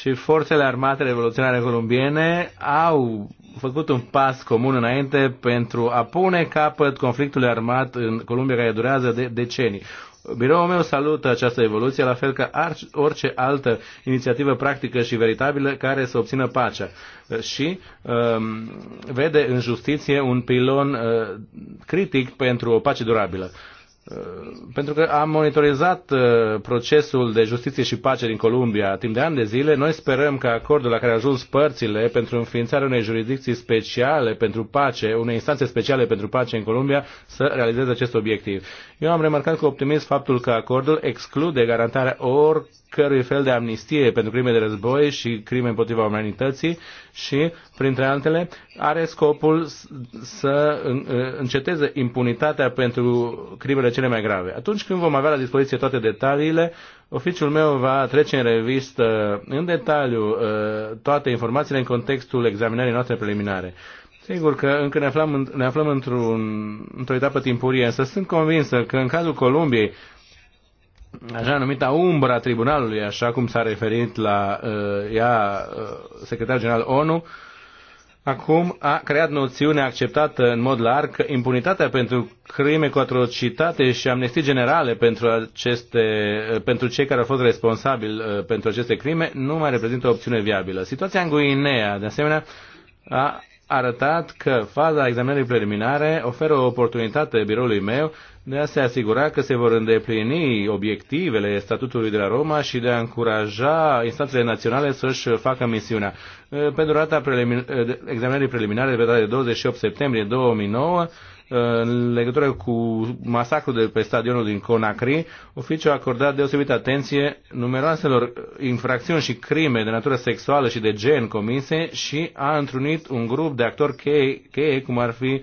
și forțele armate revoluționare colombiene au făcut un pas comun înainte pentru a pune capăt conflictului armat în Columbia care durează de decenii. Biroul meu salută această evoluție, la fel ca orice altă inițiativă practică și veritabilă care să obțină pacea și um, vede în justiție un pilon uh, critic pentru o pace durabilă. Uh, pentru că am monitorizat uh, procesul de justiție și pace din Columbia timp de ani de zile. Noi sperăm că acordul la care au ajuns părțile pentru înființarea unei jurisdicții speciale pentru pace, unei instanțe speciale pentru pace în Columbia, să realizeze acest obiectiv. Eu am remarcat cu optimism faptul că acordul exclude garantarea oricărui cărui fel de amnistie pentru crime de război și crime împotriva umanității și, printre altele, are scopul să înceteze impunitatea pentru crimele cele mai grave. Atunci când vom avea la dispoziție toate detaliile, oficiul meu va trece în revistă în detaliu uh, toate informațiile în contextul examinării noastre preliminare. Sigur că încă ne aflăm, ne aflăm într într-o etapă timpurie, însă sunt convinsă că în cazul Columbiei așa numita umbra tribunalului, așa cum s-a referit la uh, ea uh, secretar general ONU, acum a creat noțiunea acceptată în mod larg că impunitatea pentru crime cu atrocitate și amnestii generale pentru, aceste, uh, pentru cei care au fost responsabili uh, pentru aceste crime nu mai reprezintă o opțiune viabilă. Situația în Guinea, de asemenea, a arătat că faza examinării preliminare oferă o oportunitate biroului meu de a se asigura că se vor îndeplini obiectivele statutului de la Roma și de a încuraja instanțele naționale să-și facă misiunea. Pentru data prelimin examinării preliminare de pe data de 28 septembrie 2009, în legătură cu masacrul de pe stadionul din Conakry, oficiul a acordat deosebită atenție numeroaselor infracțiuni și crime de natură sexuală și de gen comise și a întrunit un grup de actori cheie, cheie cum ar fi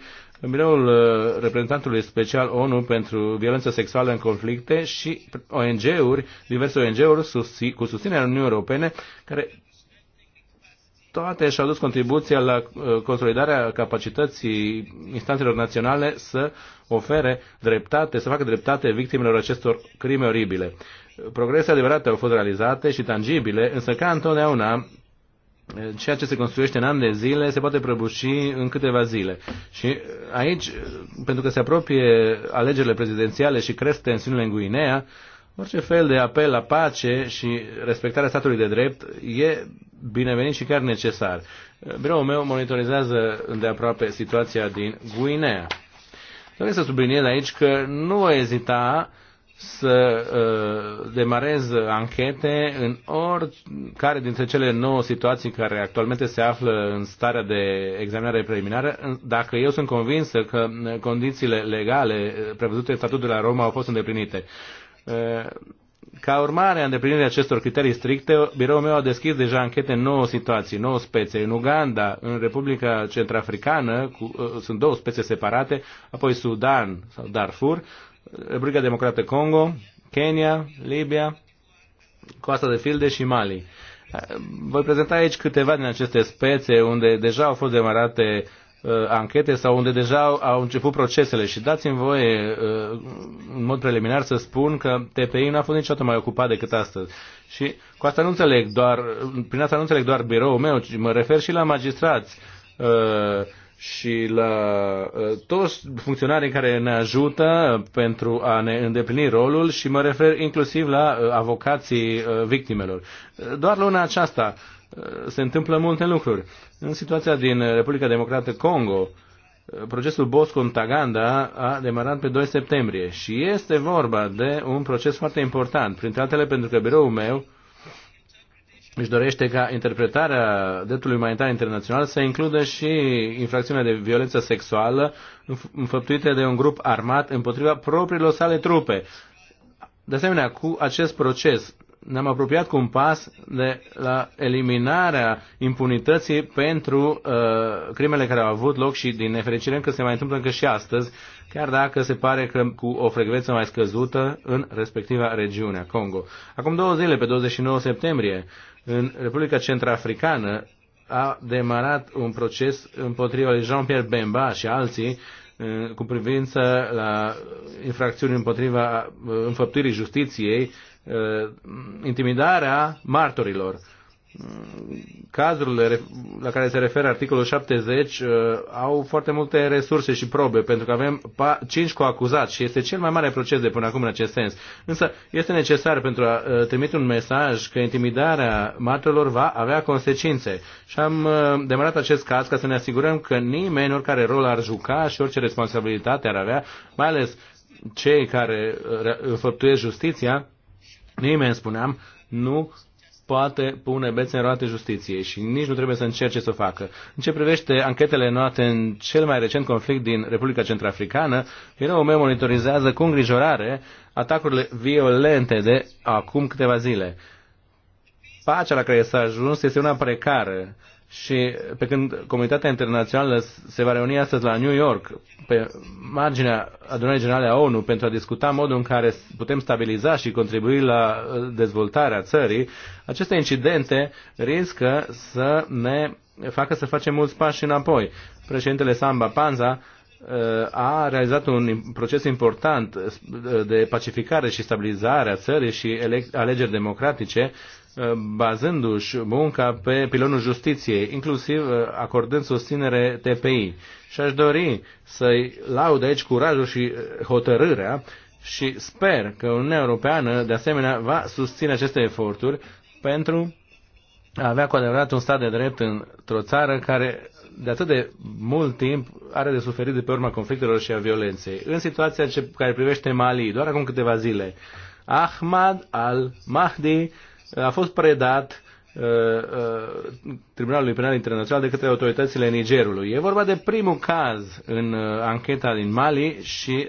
biroul uh, reprezentantului special ONU pentru violență sexuală în conflicte și ONG-uri, diverse ONG-uri cu susținerea Uniunii Europene, care toate și-au dus contribuția la uh, consolidarea capacității instanțelor naționale să ofere dreptate, să facă dreptate victimelor acestor crime oribile. Progrese adevărate au fost realizate și tangibile, însă ca întotdeauna ceea ce se construiește în an de zile se poate prăbuși în câteva zile. Și aici, pentru că se apropie alegerile prezidențiale și cresc tensiunile în Guinea, orice fel de apel la pace și respectarea statului de drept e binevenit și chiar necesar. Biroul meu monitorizează îndeaproape situația din Guinea. Doresc să subliniez aici că nu voi ezita uh, să uh, demarez anchete în oricare dintre cele nouă situații care actualmente se află în starea de examinare preliminară, dacă eu sunt convinsă că condițiile legale uh, prevăzute în statutul de la Roma au fost îndeplinite. Uh, ca urmare a îndeplinirii acestor criterii stricte, biroul meu a deschis deja anchete în nouă situații, nouă specii. În Uganda, în Republica Centrafricană, cu, uh, sunt două specii separate, apoi Sudan sau Darfur, Republica Democrată Congo, Kenya, Libia, Coasta de Filde și Mali. Voi prezenta aici câteva din aceste spețe unde deja au fost demarate uh, anchete sau unde deja au, au început procesele și dați-mi voie uh, în mod preliminar să spun că TPI nu a fost niciodată mai ocupat decât astăzi. Și cu asta nu înțeleg doar, prin asta nu înțeleg doar biroul meu, ci mă refer și la magistrați. Uh, și la uh, toți funcționarii care ne ajută pentru a ne îndeplini rolul și mă refer inclusiv la uh, avocații uh, victimelor. Doar luna aceasta se întâmplă multe lucruri. În situația din Republica Democrată Congo, procesul Bosco Taganda a demarat pe 2 septembrie și este vorba de un proces foarte important, printre altele pentru că biroul meu își dorește ca interpretarea dreptului umanitar internațional să includă și infracțiunea de violență sexuală înfăptuite de un grup armat împotriva propriilor sale trupe. De asemenea, cu acest proces ne-am apropiat cu un pas de la eliminarea impunității pentru uh, crimele care au avut loc și din nefericire încă se mai întâmplă încă și astăzi, chiar dacă se pare că cu o frecvență mai scăzută în respectiva regiune, Congo. Acum două zile, pe 29 septembrie, uh, în Republica Centrafricană a demarat un proces împotriva lui Jean-Pierre Bemba și alții eh, cu privință la infracțiuni împotriva eh, înfăptuirii justiției, eh, intimidarea martorilor cazurile la care se referă articolul 70 uh, au foarte multe resurse și probe, pentru că avem 5 coacuzați și este cel mai mare proces de până acum în acest sens. Însă este necesar pentru a uh, trimite un mesaj că intimidarea martorilor va avea consecințe. Și am uh, demarat acest caz ca să ne asigurăm că nimeni, oricare rol ar juca și orice responsabilitate ar avea, mai ales cei care înfăptuiesc justiția, nimeni, spuneam, nu poate pune bețe în roate justiției și nici nu trebuie să încerce să o facă. În ce privește anchetele noate în cel mai recent conflict din Republica Centrafricană, biroul meu monitorizează cu îngrijorare atacurile violente de acum câteva zile. Pacea la care s-a ajuns este una precară și pe când comunitatea internațională se va reuni astăzi la New York, pe marginea adunării generale a ONU, pentru a discuta modul în care putem stabiliza și contribui la uh, dezvoltarea țării, aceste incidente riscă să ne facă să facem mulți pași înapoi. Președintele Samba Panza uh, a realizat un proces important uh, de pacificare și stabilizare a țării și alegeri democratice bazându-și munca pe pilonul justiției, inclusiv uh, acordând susținere TPI. Și aș dori să-i laud aici curajul și uh, hotărârea și sper că Uniunea Europeană, de asemenea, va susține aceste eforturi pentru a avea cu adevărat un stat de drept într-o țară care de atât de mult timp are de suferit de pe urma conflictelor și a violenței. În situația ce, care privește Mali, doar acum câteva zile, Ahmad al-Mahdi a fost predat uh, uh, Tribunalului Penal Internațional de către autoritățile Nigerului. E vorba de primul caz în uh, ancheta din Mali și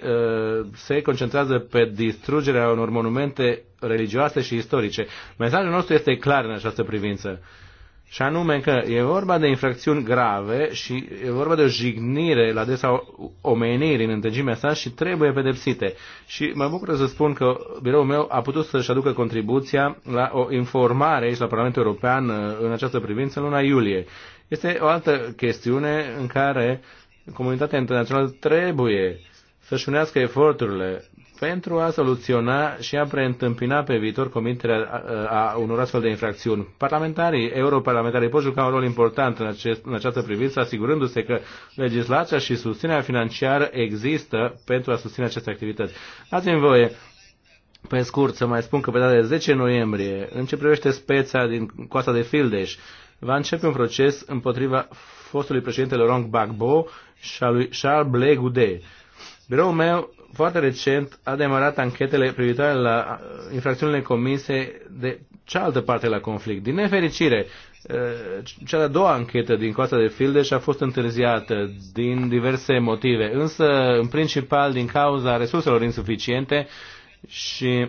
se concentrează pe distrugerea unor monumente religioase și istorice. Mesajul nostru este clar în această privință. Și anume că e vorba de infracțiuni grave și e vorba de o jignire la adresa omenirii în întregimea sa și trebuie pedepsite. Și mă bucur să spun că biroul meu a putut să-și aducă contribuția la o informare aici la Parlamentul European în această privință în luna iulie. Este o altă chestiune în care comunitatea internațională trebuie să-și unească eforturile pentru a soluționa și a preîntâmpina pe viitor comiterea a unor astfel de infracțiuni. Parlamentarii, europarlamentarii pot juca un rol important în, acest, în această privință, asigurându-se că legislația și susținerea financiară există pentru a susține aceste activități. Dați-mi voie pe scurt să mai spun că pe data de 10 noiembrie, în ce privește speța din coasta de Fildeș, va începe un proces împotriva fostului președinte Laurent Gbagbo și a lui Charles Blé Goudet. Biroul meu foarte recent a demarat anchetele privitoare la uh, infracțiunile comise de cealaltă parte la conflict. Din nefericire, uh, cea de-a doua anchetă din coasta de Fildeș a fost întârziată din diverse motive, însă în principal din cauza resurselor insuficiente și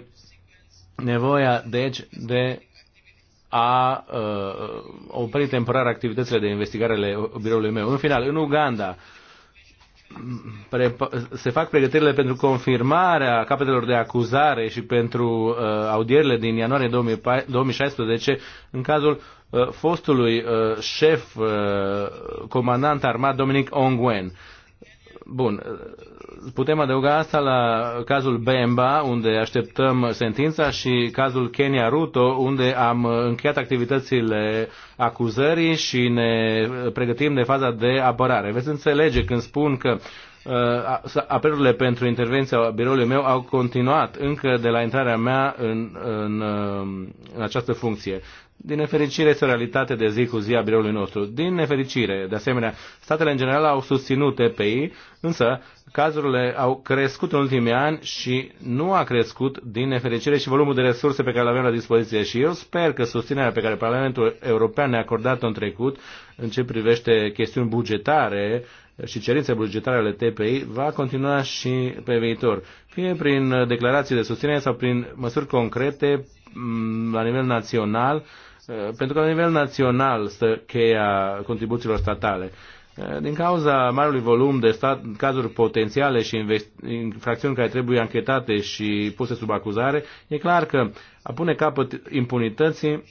nevoia deci de a uh, opri temporar activitățile de investigare ale biroului meu. În final, în Uganda, uh, se fac pregătirile pentru confirmarea capetelor de acuzare și pentru uh, audierile din ianuarie 2016 în cazul uh, fostului uh, șef uh, comandant armat Dominic Ongwen. Bun, putem adăuga asta la cazul Bemba, unde așteptăm sentința, și cazul Kenya Ruto, unde am încheiat activitățile acuzării și ne pregătim de faza de apărare. Veți înțelege când spun că uh, apelurile pentru intervenția biroului meu au continuat încă de la intrarea mea în, în, uh, în această funcție. Din nefericire, este o realitate de zi cu zi a biroului nostru. Din nefericire, de asemenea, statele în general au susținut EPI, însă cazurile au crescut în ultimii ani și nu a crescut din nefericire și volumul de resurse pe care le avem la dispoziție. Și eu sper că susținerea pe care Parlamentul European ne-a acordat-o în trecut în ce privește chestiuni bugetare și cerințe bugetare ale TPI va continua și pe viitor, fie prin declarații de susținere sau prin măsuri concrete mm, la nivel național Eh, pentru că la nivel național stă cheia contribuțiilor statale. Eh, din cauza marului volum de stat, cazuri potențiale și infracțiuni care trebuie anchetate și puse sub acuzare, e clar că a pune capăt impunității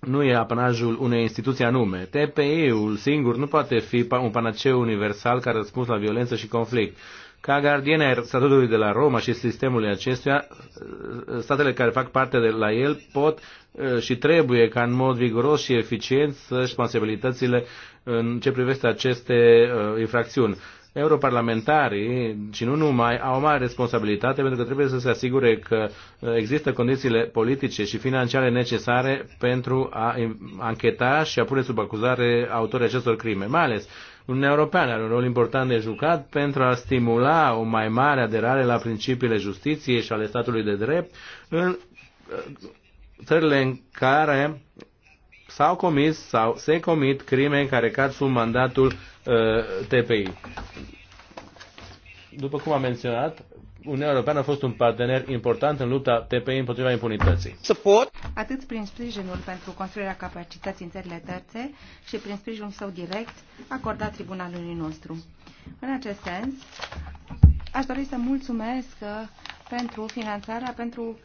nu e apanajul unei instituții anume. tpi ul singur nu poate fi un panaceu universal care răspuns la violență și conflict. Ca gardiene ai statutului de la Roma și sistemului acestuia, statele care fac parte de la el pot și trebuie ca în mod vigoros și eficient să-și responsabilitățile în ce privește aceste infracțiuni europarlamentarii, și nu numai, au o mare responsabilitate pentru că trebuie să se asigure că există condițiile politice și financiare necesare pentru a ancheta și a pune sub acuzare autorii acestor crime, mai ales Uniunea Europeană are un rol important de jucat pentru a stimula o mai mare aderare la principiile justiției și ale statului de drept în uh, țările în care s-au comis sau se comit crime care cad sub mandatul uh, TPI. După cum am menționat, Uniunea Europeană a fost un partener important în lupta TPI împotriva impunității. Support. Atât prin sprijinul pentru construirea capacității în țările terțe și prin sprijinul său direct acordat tribunalului nostru. În acest sens, aș dori să mulțumesc uh, pentru finanțarea, pentru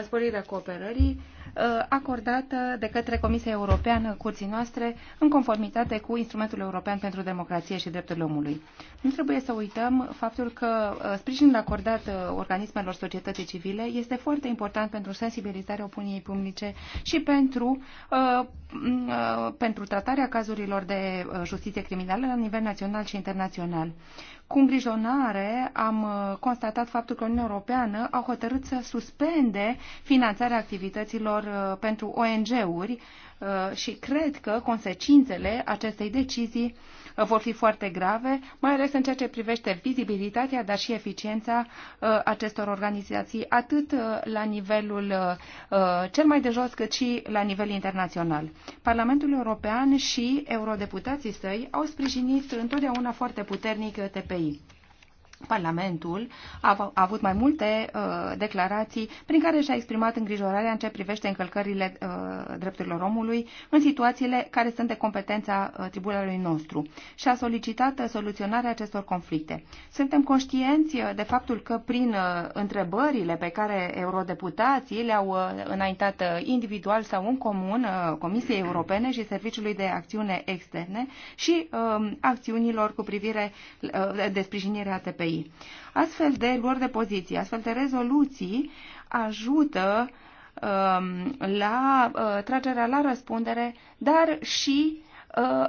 sporirea cooperării uh, acordată de către Comisia Europeană curții noastre în conformitate cu Instrumentul European pentru Democrație și Drepturile Omului. Nu trebuie să uităm faptul că uh, sprijinul acordat uh, organismelor societății civile este foarte important pentru sensibilizarea opiniei publice și pentru, pentru tratarea cazurilor de justiție criminală la nivel național și internațional. Cu îngrijonare am uh, constatat faptul că Uniunea Europeană a hotărât să suspende finanțarea activităților uh, pentru ONG-uri uh, și cred că consecințele acestei decizii Uh, vor fi foarte grave, mai ales în ceea ce privește vizibilitatea, dar și eficiența uh, acestor organizații, atât uh, la nivelul cel mai de jos, cât și la nivel internațional. Parlamentul European și eurodeputații săi au sprijinit întotdeauna foarte puternic TPI. Parlamentul a avut mai multe uh, declarații prin care și-a exprimat îngrijorarea în ce privește încălcările uh, drepturilor omului în situațiile care sunt de competența uh, tribunalului nostru și a solicitat uh, soluționarea acestor conflicte. Suntem conștienți uh, de faptul că prin uh, întrebările pe care eurodeputații le-au uh, înaintat uh, individual sau în comun uh, Comisiei Europene și Serviciului de Acțiune Externe și uh, acțiunilor cu privire uh, de sprijinire ATPI cheltui. Astfel de luări de poziții, astfel de rezoluții ajută um, la uh, tragerea la răspundere, dar și uh,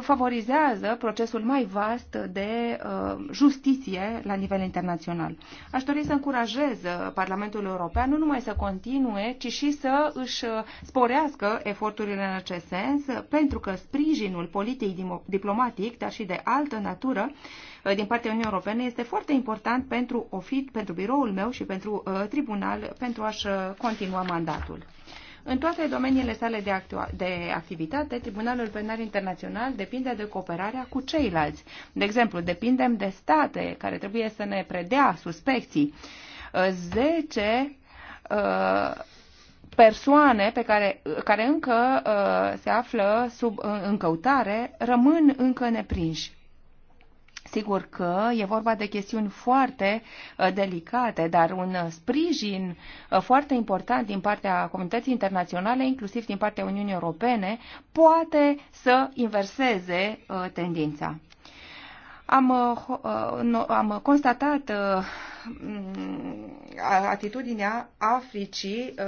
favorizează procesul mai vast de uh, justiție la nivel internațional. Aș dori să încurajez uh, Parlamentul European nu numai să continue, ci și să își uh, sporească eforturile în acest sens, pentru că sprijinul politic diplomatic, dar și de altă natură, din partea Uniunii Europene este foarte important pentru OFIT, pentru biroul meu și pentru uh, tribunal pentru a-și continua mandatul. În toate domeniile sale de, de activitate, Tribunalul Penal Internațional depinde de cooperarea cu ceilalți. De exemplu, depindem de state care trebuie să ne predea suspecții. 10 uh, uh, persoane pe care, uh, care încă uh, se află sub căutare rămân încă neprinși. Sigur că e vorba de chestiuni foarte uh, delicate, dar un sprijin uh, foarte important din partea comunității internaționale, inclusiv din partea Uniunii Europene, poate să inverseze uh, tendința. Am, am constatat atitudinea Africii uh,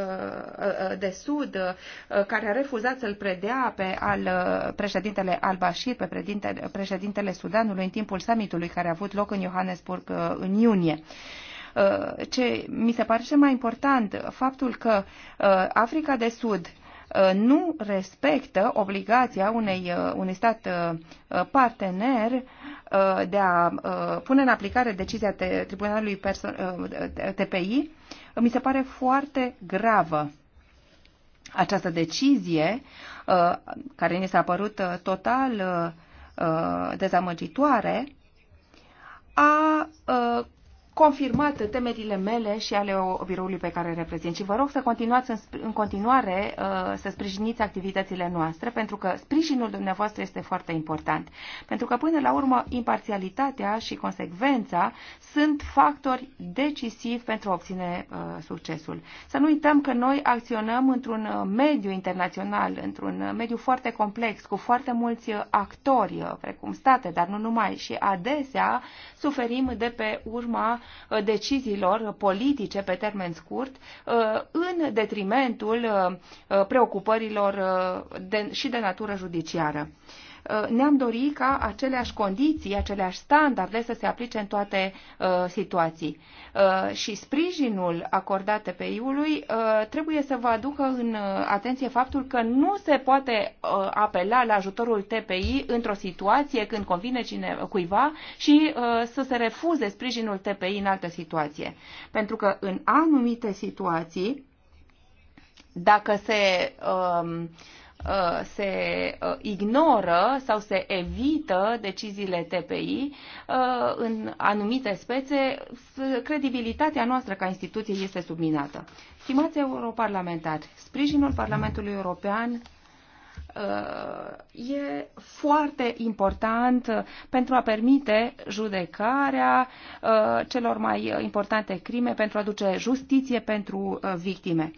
uh, de Sud, uh, care a refuzat să-l predea pe al președintele al-Bashir, pe președintele, Sudanului, în timpul summitului care a avut loc în Johannesburg în iunie ce mi se pare cel mai important, faptul că Africa de Sud Uh, nu respectă obligația unei, uh, unui stat uh, partener de a pune în aplicare decizia Tribunalului TPI, mi se pare foarte gravă. Această decizie, care ne s-a părut total dezamăgitoare, a confirmat temerile mele și ale biroului pe care îl reprezint. Și vă rog să continuați în, în continuare uh, să sprijiniți activitățile noastre, pentru că sprijinul dumneavoastră este foarte important. Pentru că, până la urmă, imparțialitatea și consecvența sunt factori decisivi pentru a obține uh, succesul. Să nu uităm că noi acționăm într-un uh, mediu internațional, într-un mediu foarte complex, cu foarte mulți actori, precum state, dar nu numai, și adesea suferim de pe urma Uh, deciziilor politice pe termen scurt uh, în detrimentul uh, preocupărilor de, și de natură judiciară. Uh, ne-am dori ca aceleași condiții, aceleași standarde să se aplice în toate uh, situații. Uh, și sprijinul acordat TPI-ului trebuie să vă aducă în atenție faptul că nu se poate apela la ajutorul TPI într-o situație când convine cine, cuiva și să se refuze sprijinul TPI în altă situație. Pentru că în anumite situații, dacă se Uh, Uh, se uh, ignoră sau se evită deciziile TPI uh, în anumite spețe, credibilitatea noastră ca instituție este subminată. Stimați europarlamentari, sprijinul Parlamentului European e foarte important pentru a permite judecarea celor mai importante crime, pentru a aduce justiție pentru victime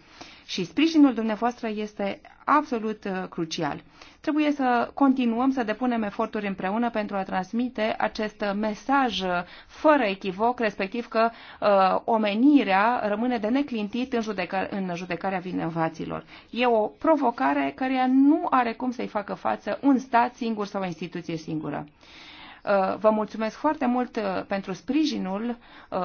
și sprijinul dumneavoastră este absolut uh, crucial. Trebuie să continuăm să depunem eforturi împreună pentru a transmite acest mesaj uh, fără echivoc, respectiv că uh, omenirea rămâne de neclintit în, judeca- în judecarea vinovaților. E o provocare care nu are cum să-i facă față un stat singur sau o instituție singură. Uh, vă mulțumesc foarte mult pentru sprijinul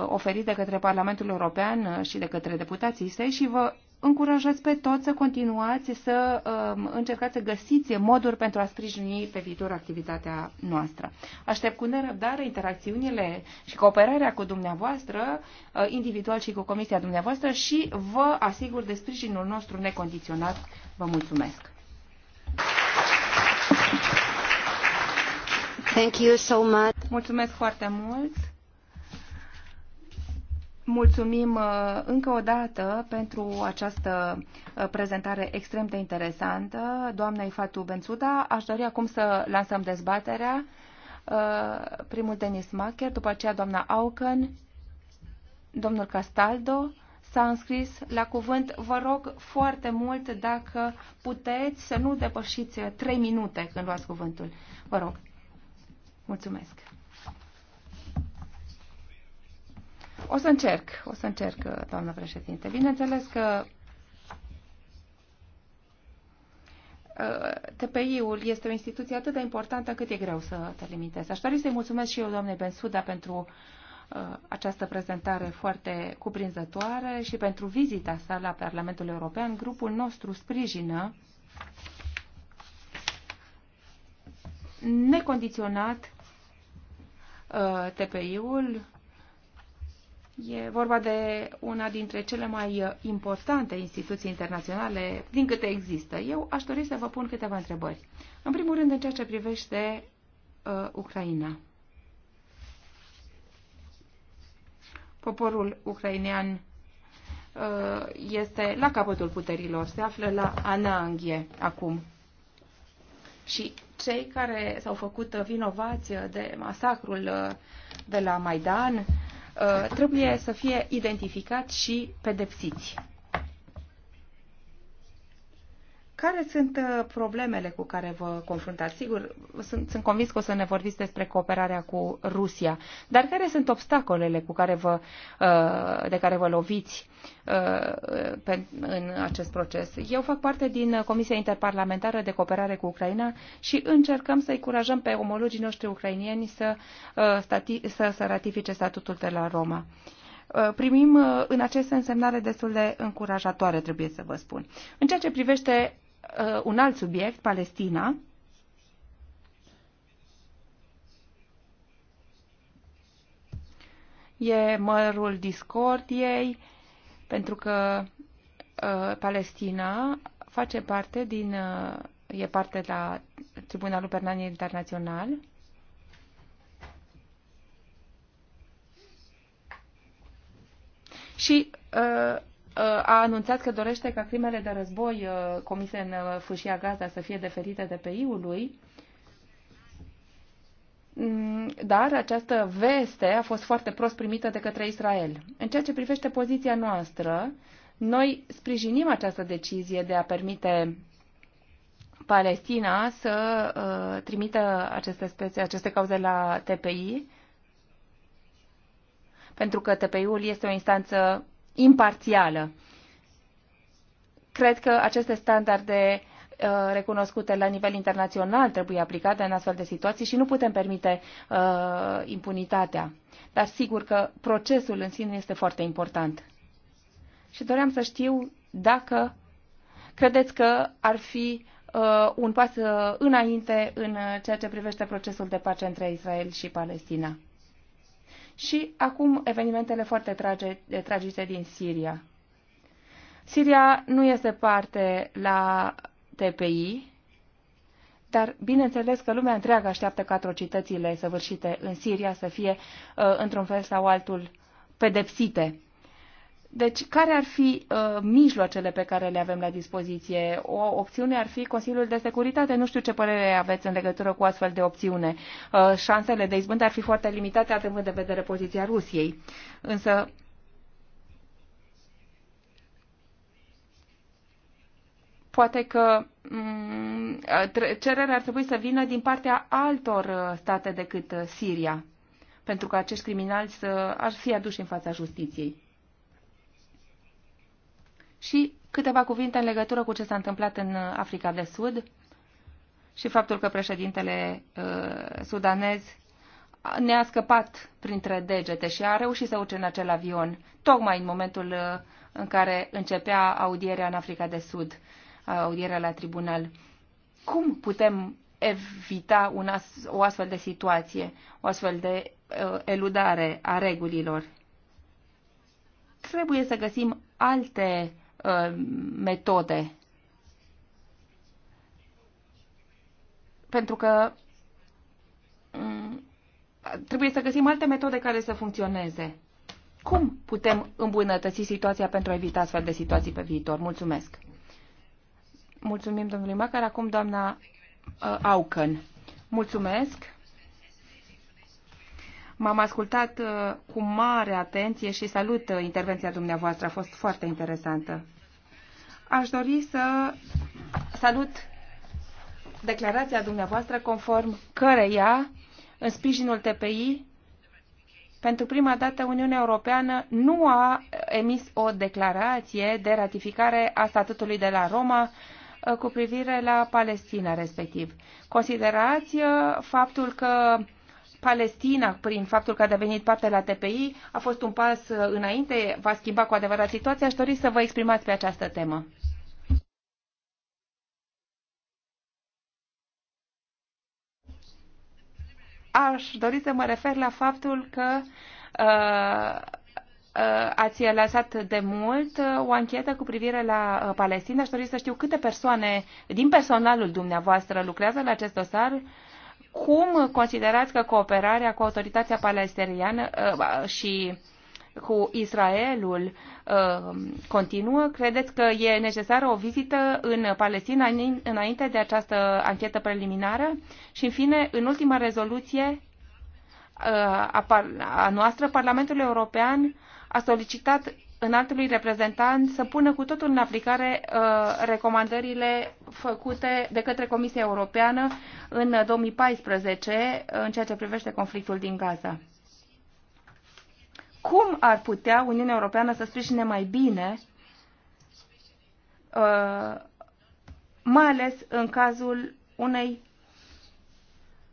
oferit de către Parlamentul European și de către deputații săi și vă încurajez pe toți să continuați să uh, încercați să găsiți moduri pentru a sprijini pe viitor activitatea noastră. Aștept cu nerăbdare interacțiunile și cooperarea cu dumneavoastră, uh, individual și cu comisia dumneavoastră și vă asigur de sprijinul nostru necondiționat. Vă mulțumesc! Thank you so much. Mulțumesc foarte mult! Mulțumim uh, încă o dată pentru această uh, prezentare extrem de interesantă. Doamna Ifatu Bențuda, aș dori acum să lansăm dezbaterea. Uh, primul Denis Macher, după aceea doamna Auken, domnul Castaldo s-a înscris la cuvânt. Vă rog foarte mult dacă puteți să nu depășiți trei minute când luați cuvântul. Vă rog. Mulțumesc. O să încerc, o să încerc, doamnă președinte. Bineînțeles că uh, TPI-ul este o instituție atât de importantă cât e greu să te limitezi. Aș dori să-i mulțumesc și eu, doamnei Bensuda, pentru uh, această prezentare foarte cuprinzătoare și pentru vizita sa la Parlamentul European. Grupul nostru sprijină necondiționat uh, TPI-ul E vorba de una dintre cele mai importante instituții internaționale din câte există. Eu aș dori să vă pun câteva întrebări. În primul rând, în ceea ce privește uh, Ucraina. Poporul ucrainean uh, este la capătul puterilor, se află la ananghie acum. Și cei care s-au făcut vinovați de masacrul uh, de la Maidan, uh, Uh, trebuie să fie identificați și pedepsiți. Care sunt uh, problemele cu care vă confruntați? Sigur, sunt, sunt convins că o să ne vorbiți despre cooperarea cu Rusia, dar care sunt obstacolele cu care vă, uh, de care vă loviți uh, în acest proces? Eu fac parte din Comisia Interparlamentară de Cooperare cu Ucraina și încercăm să-i curajăm pe omologii noștri ucrainieni să, să, să ratifice statutul de la Roma primim în acest sens semnale destul de încurajatoare, trebuie să vă spun. În ceea ce privește Uh, un alt subiect, Palestina. E mărul discordiei, pentru că uh, Palestina face parte din, uh, e parte la Tribunalul Penal Internațional. Și uh, Uh, a anunțat că dorește ca crimele de război uh, comise în uh, fâșia Gaza să fie deferite de pe lui mm, dar această veste a fost foarte prost primită de către Israel. În ceea ce privește poziția noastră, noi sprijinim această decizie de a permite Palestina să uh, trimită aceste specii, aceste cauze la TPI, pentru că TPI-ul este o instanță imparțială. Cred că aceste standarde uh, recunoscute la nivel internațional trebuie aplicate în astfel de situații și nu putem permite uh, impunitatea. Dar sigur că procesul în sine este foarte important. Și doream să știu dacă credeți că ar fi uh, un pas uh, înainte în uh, ceea ce privește procesul de pace între Israel și Palestina și acum evenimentele foarte trage, eh, tragice din Siria. Siria nu este parte la TPI, dar bineînțeles că lumea întreagă așteaptă ca atrocitățile săvârșite în Siria să fie, eh, într-un fel sau altul, pedepsite. Deci, care ar fi uh, mijloacele pe care le avem la dispoziție? O opțiune ar fi Consiliul de Securitate. Nu știu ce părere aveți în legătură cu astfel de opțiune. Uh, șansele de izbândă ar fi foarte limitate, având de vedere poziția Rusiei. Însă, poate că mm, cererea ar trebui să vină din partea altor uh, state decât uh, Siria, pentru că acești criminali să ar fi aduși în fața justiției. Și câteva cuvinte în legătură cu ce s-a întâmplat în uh, Africa de Sud și faptul că președintele uh, sudanez ne-a scăpat printre degete și a reușit să urce în acel avion, tocmai în momentul uh, în care începea audierea în Africa de Sud, audierea la tribunal. Cum putem evita un as, o astfel de situație, o astfel de uh, eludare a regulilor? Trebuie să găsim alte Uh, metode. Pentru că mm, trebuie să găsim alte metode care să funcționeze. Cum putem îmbunătăți situația pentru a evita astfel de situații pe viitor? Mulțumesc! Mulțumim, domnului Macar. Acum, doamna uh, Auken. Mulțumesc! M-am ascultat uh, cu mare atenție și salut uh, intervenția dumneavoastră. A fost foarte interesantă. Aș dori să salut declarația dumneavoastră conform căreia, în sprijinul TPI, pentru prima dată Uniunea Europeană nu a emis o declarație de ratificare a statutului de la Roma uh, cu privire la Palestina respectiv. Considerați faptul că Palestina, prin faptul că a devenit parte la TPI, a fost un pas uh, înainte, va schimba cu adevărat situația. Aș dori să vă exprimați pe această temă. Aș dori să mă refer la faptul că uh, uh ați lăsat de mult uh, o anchetă cu privire la Palestina. Aș dori să știu câte persoane din personalul dumneavoastră lucrează la acest dosar. Uh, cum considerați că cooperarea cu autoritatea palestiniană uh, și cu Israelul uh, continuă? Credeți că e necesară o vizită în Palestina înainte de această anchetă preliminară? Și, în fine, în ultima rezoluție uh, a noastră, Parlamentul European a solicitat înaltului reprezentant să pună cu totul în aplicare uh, recomandările făcute de către Comisia Europeană în 2014 uh, uh, în ceea ce privește conflictul din Gaza. Cum ar putea Uniunea Europeană să sprijine mai bine, uh, mai ales în cazul unei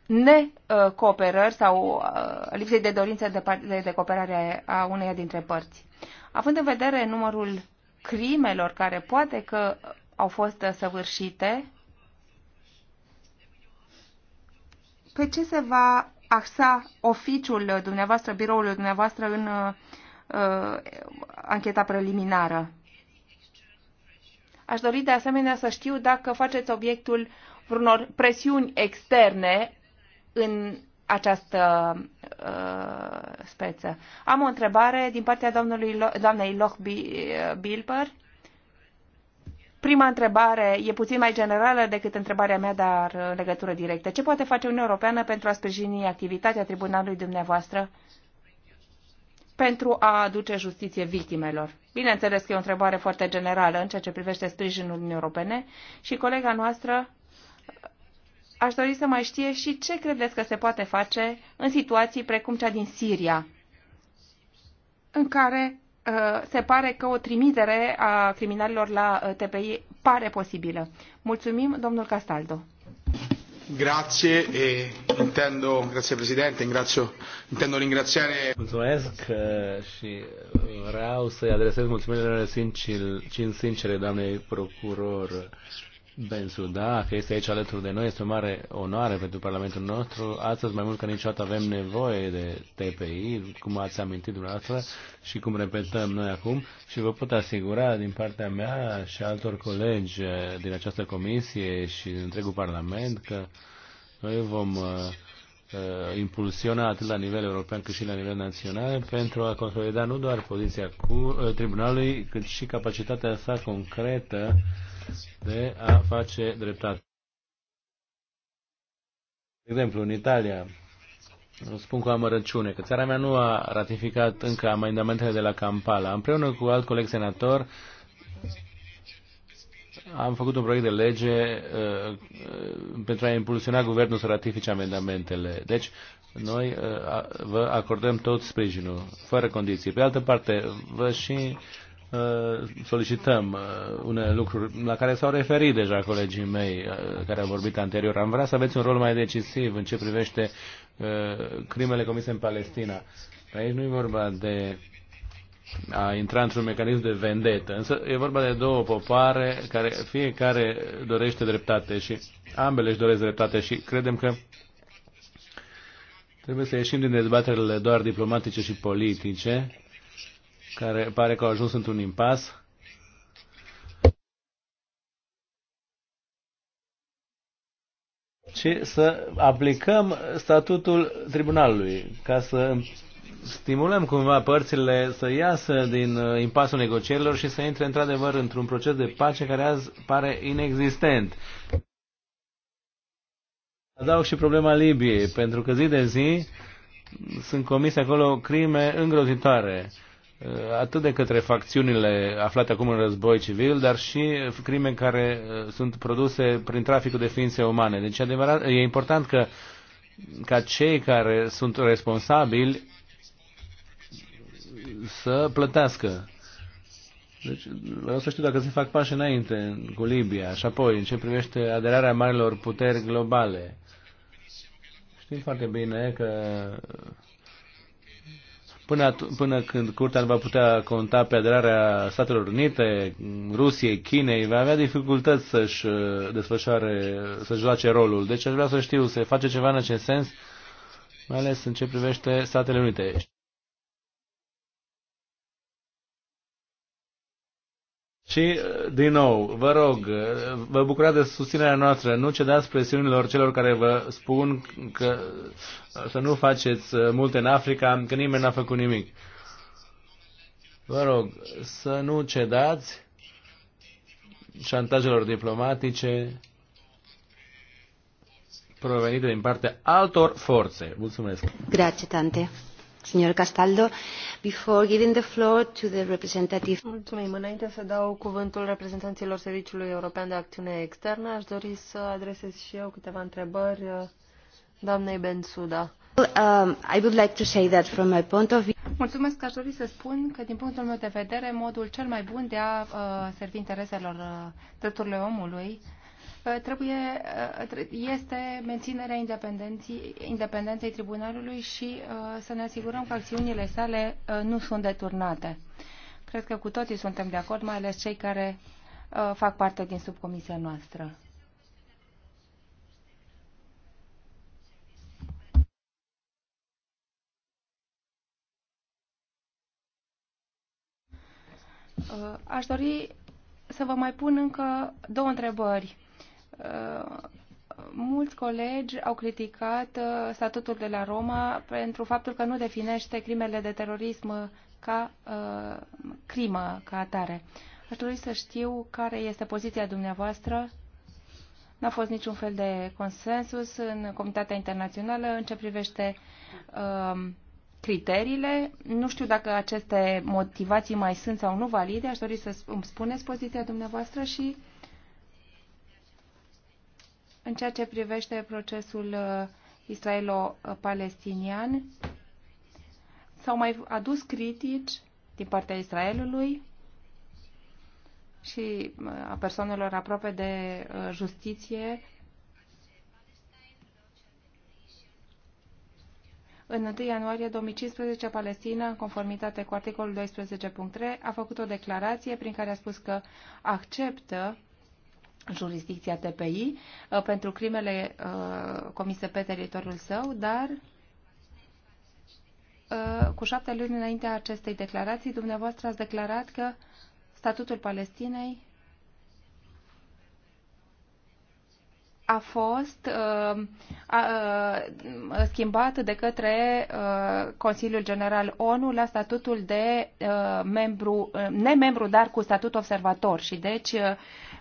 necooperări sau uh, lipsei de dorință de, de cooperare a uneia dintre părți. Având în vedere numărul crimelor care poate că au fost săvârșite, pe ce se va axa oficiul dumneavoastră, biroul dumneavoastră în uh, uh ancheta preliminară? Aș dori de asemenea să știu dacă faceți obiectul vreunor presiuni externe în această uh, speță. Am o întrebare din partea domnului, doamnei Loch Bilber. Prima întrebare e puțin mai generală decât întrebarea mea, dar în uh, legătură directă. Ce poate face Uniunea Europeană pentru a sprijini activitatea tribunalului dumneavoastră pentru a aduce justiție victimelor? Bineînțeles că e o întrebare foarte generală în ceea ce privește sprijinul Uniunii Europene și colega noastră aș dori să mai știe și ce credeți că se poate face în situații precum cea din Siria, în care uh, se pare că o trimitere a criminalilor la uh, TPI pare posibilă. Mulțumim, domnul Castaldo. Grazie e intendo, grazie Presidente, ingrazio, intendo ringraziare... Mulțumesc uh, și vreau să-i adresez mulțumirile sincere, sincere doamnei procuror da, că este aici alături de noi, este o mare onoare pentru Parlamentul nostru. Astăzi, mai mult ca niciodată, avem nevoie de TPI, cum ați amintit dumneavoastră și cum repetăm noi acum. Și vă pot asigura, din partea mea și altor colegi din această comisie și din întregul Parlament, că noi vom uh, uh, impulsiona atât la nivel european cât și la nivel național pentru a consolida nu doar poziția cu, uh, tribunalului, cât și capacitatea sa concretă uh, de a face dreptate. De exemplu, în Italia, spun cu amărăciune că țara mea nu a ratificat încă amendamentele de la Kampala. Împreună cu alt coleg senator, am făcut un proiect de lege uh, pentru a impulsiona guvernul să ratifice amendamentele. Deci, noi uh, vă acordăm tot sprijinul, fără condiții. Pe altă parte, vă și Uh, solicităm uh, unele lucruri la care s-au referit deja colegii mei uh, care au vorbit anterior. Am vrea să aveți un rol mai decisiv în ce privește crimele comise în Palestina. Aici nu e vorba de a intra într-un mecanism de vendetă, însă e vorba de două popoare care fiecare dorește dreptate și ambele își doresc dreptate și credem că trebuie să ieșim din dezbaterile doar diplomatice și politice care pare că au ajuns într-un impas. Și să aplicăm statutul tribunalului ca să stimulăm cumva părțile să iasă din uh, impasul negocierilor și să intre într-adevăr într-un proces de pace care azi pare inexistent. Adaug și problema Libiei, pentru că zi de zi sunt comise acolo crime îngrozitoare Uh, atât de către facțiunile aflate acum în război civil, dar și crime care uh, sunt produse prin traficul de ființe umane. Deci adevărat, e important că ca cei care sunt responsabili să plătească. Deci vreau să știu dacă se fac pași înainte cu Libia și apoi în ce privește aderarea marilor puteri globale. Știm foarte bine că Până, până când Curtea nu va putea conta pe aderarea Statelor Unite, Rusiei, Chinei, va avea dificultăți să-și uh, desfășoare, să-și joace rolul. Deci aș vrea să știu, se face ceva în acest sens, mai ales în ce privește Statele Unite. Și, din nou, vă rog, vă bucurați de susținerea noastră, nu cedați presiunilor celor care vă spun că să nu faceți multe în Africa, că nimeni n-a făcut nimic. Vă rog, să nu cedați șantajelor diplomatice provenite din partea altor forțe. Mulțumesc. Grazie tante. Înainte să dau cuvântul reprezentanților Serviciului European de Acțiune Externă, aș dori să adresez și eu câteva întrebări uh, doamnei Bensuda. Um, aș dori să spun că din punctul meu de vedere, modul cel mai bun de a uh, servi intereselor uh, drepturile omului Uh, trebuie, uh, este menținerea independenței, independenței tribunalului și uh, să ne asigurăm că acțiunile sale nu sunt deturnate. Cred că cu toții suntem de acord, mai ales cei care fac parte din subcomisia noastră. Aș dori să vă mai pun încă două întrebări Uh, mulți colegi au criticat uh, statutul de la Roma pentru faptul că nu definește crimele de terorism ca uh, crimă, ca atare. Aș dori să știu care este poziția dumneavoastră. N-a fost niciun fel de consensus în comunitatea internațională în ce privește uh, criteriile. Nu știu dacă aceste motivații mai sunt sau nu valide. Aș dori să îmi spuneți poziția dumneavoastră și în ceea ce privește procesul uh, israelo-palestinian, s-au mai adus critici din partea Israelului și uh, a persoanelor aproape de uh, justiție În 1 ianuarie 2015, Palestina, în conformitate cu articolul 12.3, a făcut o declarație prin care a spus că acceptă jurisdicția TPI uh, pentru crimele uh, comise pe teritoriul său, dar uh, cu șapte luni înaintea acestei declarații, dumneavoastră ați declarat că statutul Palestinei a fost uh, a, uh, schimbat de către uh, Consiliul General ONU la statutul de uh, membru, uh, nemembru, dar cu statut observator și deci uh,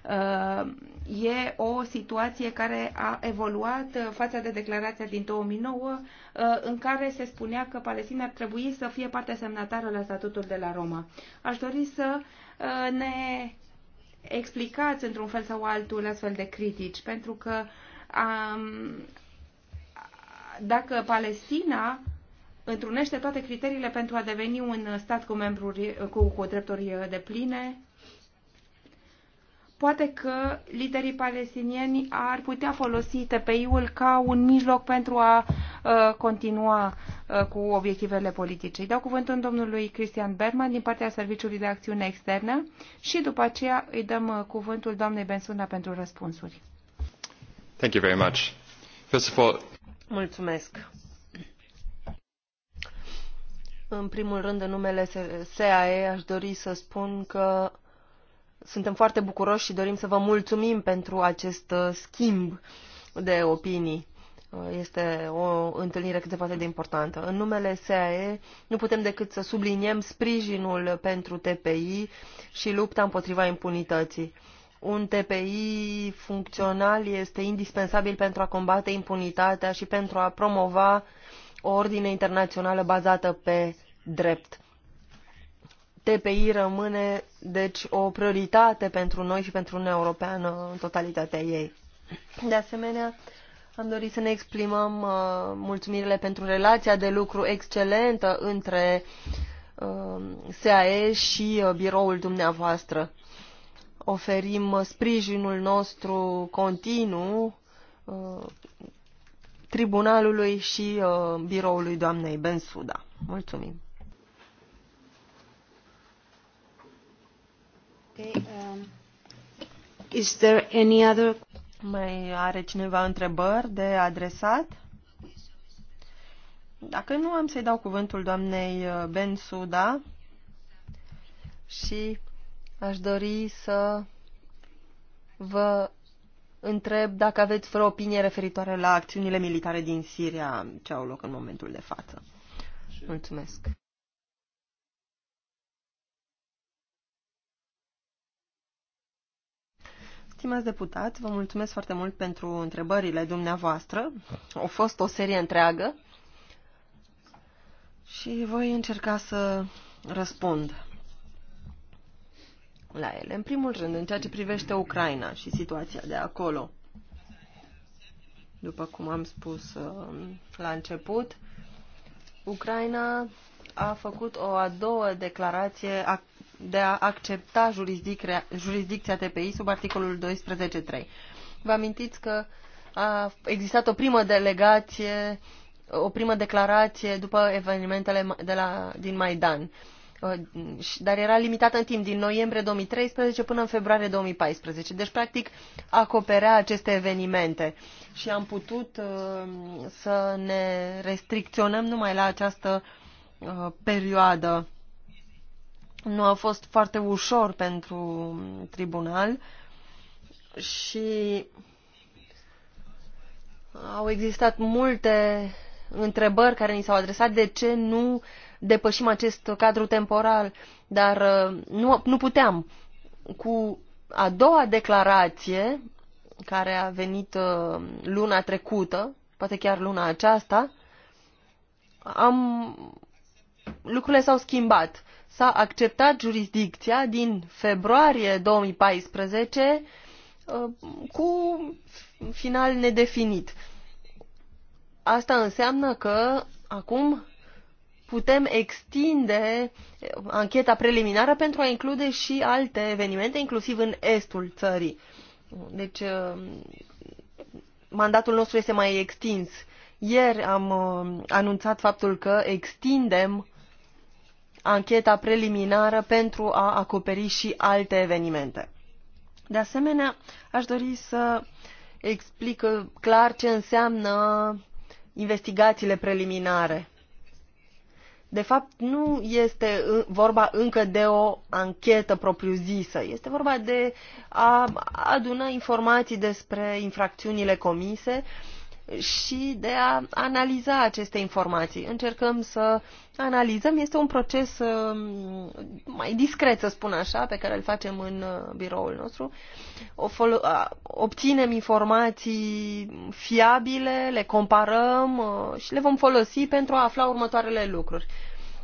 Uh, e o situație care a evoluat uh, față de declarația din 2009 uh, în care se spunea că Palestina ar trebui să fie parte semnatară la statutul de la Roma. Aș dori să ne explicați într-un fel sau altul astfel de critici, pentru că um, dacă Palestina întrunește toate criteriile pentru a deveni un stat cu, membruri, cu, cu drepturi de pline, Poate că liderii palestinieni ar putea folosi TPI-ul ca un mijloc pentru a uh, continua uh, cu obiectivele politice. Îi dau cuvântul domnului Cristian Berman din partea Serviciului de Acțiune Externă și după aceea îi dăm uh, cuvântul doamnei Bensuna pentru răspunsuri. Thank you very much. First of all... Mulțumesc. În primul rând, în numele SAE, aș dori să spun că suntem foarte bucuroși și dorim să vă mulțumim pentru acest uh, schimb de opinii. Uh, este o întâlnire cât se poate de importantă. În numele SAE nu putem decât să subliniem sprijinul pentru TPI și lupta împotriva impunității. Un TPI funcțional este indispensabil pentru a combate impunitatea și pentru a promova o ordine internațională bazată pe drept TPI rămâne, deci, o prioritate pentru noi și pentru Uniunea Europeană în totalitatea ei. De asemenea, am dorit să ne exprimăm uh, mulțumirile pentru relația de lucru excelentă între uh, SAE și uh, biroul dumneavoastră. Oferim uh, sprijinul nostru continuu uh, tribunalului și uh, biroului doamnei Bensuda. Mulțumim! Um, is there any other... Mai are cineva întrebări de adresat? Dacă nu, am să-i dau cuvântul doamnei uh, Ben Suda și aș dori să vă întreb dacă aveți vreo opinie referitoare la acțiunile militare din Siria ce au loc în momentul de față. Mulțumesc. Stimați deputați, vă mulțumesc foarte mult pentru întrebările dumneavoastră. Au fost o serie întreagă și voi încerca să răspund la ele. În primul rând, în ceea ce privește Ucraina și situația de acolo, după cum am spus um, la început, Ucraina a făcut o a doua declarație de a accepta jurisdicția, jurisdicția TPI sub articolul 12.3. Vă amintiți că a existat o primă delegație, o primă declarație după evenimentele de la, din Maidan, uh, dar era limitată în timp, din noiembrie 2013 până în februarie 2014. Deci, practic, acoperea aceste evenimente și am putut uh, să ne restricționăm numai la această uh, perioadă nu a fost foarte ușor pentru tribunal și au existat multe întrebări care ni s-au adresat de ce nu depășim acest cadru temporal, dar uh, nu, nu puteam. Cu a doua declarație, care a venit uh, luna trecută, poate chiar luna aceasta, am lucrurile s-au schimbat. S-a acceptat jurisdicția din februarie 2014 uh, cu final nedefinit. Asta înseamnă că acum putem extinde uh, ancheta preliminară pentru a include și alte evenimente, inclusiv în estul țării. Deci, uh, mandatul nostru este mai extins. Ieri am anunțat faptul că extindem ancheta preliminară pentru a acoperi și alte evenimente. De asemenea, aș dori să explic clar ce înseamnă investigațiile preliminare. De fapt, nu este vorba încă de o anchetă propriu-zisă. Este vorba de a aduna informații despre infracțiunile comise uh, și de a analiza aceste informații. Încercăm să analizăm. Este un proces um, mai discret, să spun așa, pe care îl facem în uh, biroul nostru. Obținem informații fiabile, le comparăm uh, și le vom folosi pentru a afla următoarele lucruri.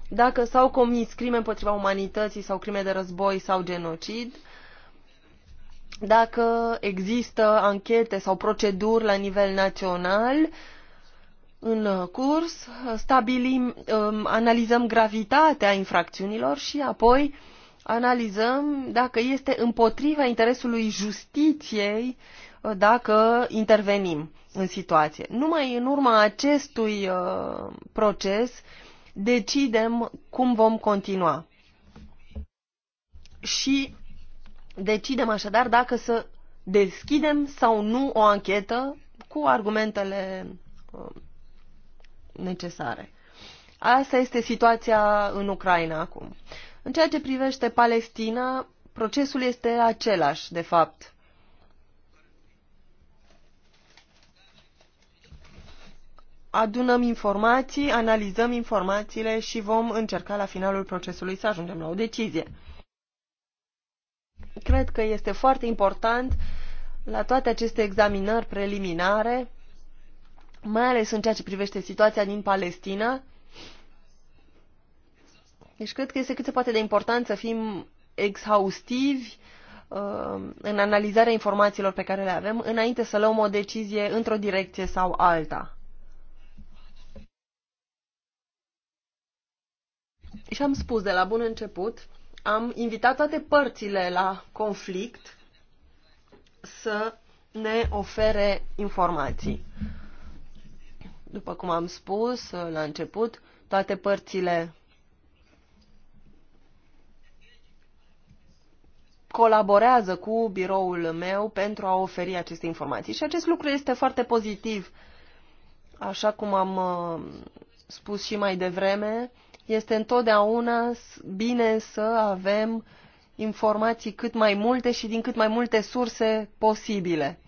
Dacă s-au comis crime împotriva umanității sau crime de război sau genocid, uh, dacă există anchete sau proceduri la nivel național în curs, stabilim, um, analizăm gravitatea infracțiunilor și apoi analizăm dacă este împotriva interesului justiției uh, dacă intervenim în situație. Numai în urma acestui uh, proces decidem cum vom continua. Și Decidem așadar dacă să deschidem sau nu o anchetă cu argumentele um, necesare. Asta este situația în Ucraina acum. În ceea ce privește Palestina, procesul este același, de fapt. Adunăm informații, analizăm informațiile și vom încerca la finalul procesului să ajungem la o decizie. Cred că este foarte important la toate aceste examinări preliminare, mai ales în ceea ce privește situația din Palestina. Deci cred că este cât se poate de important să fim exhaustivi uh, în analizarea informațiilor pe care le avem înainte să luăm o decizie într-o direcție sau alta. Și am spus de la bun început am invitat toate părțile la conflict să ne ofere informații. După cum am spus la început, toate părțile colaborează cu biroul meu pentru a oferi aceste informații și acest lucru este foarte pozitiv. Așa cum am uh, spus și mai devreme, este întotdeauna bine să avem informații cât mai multe și din cât mai multe surse posibile.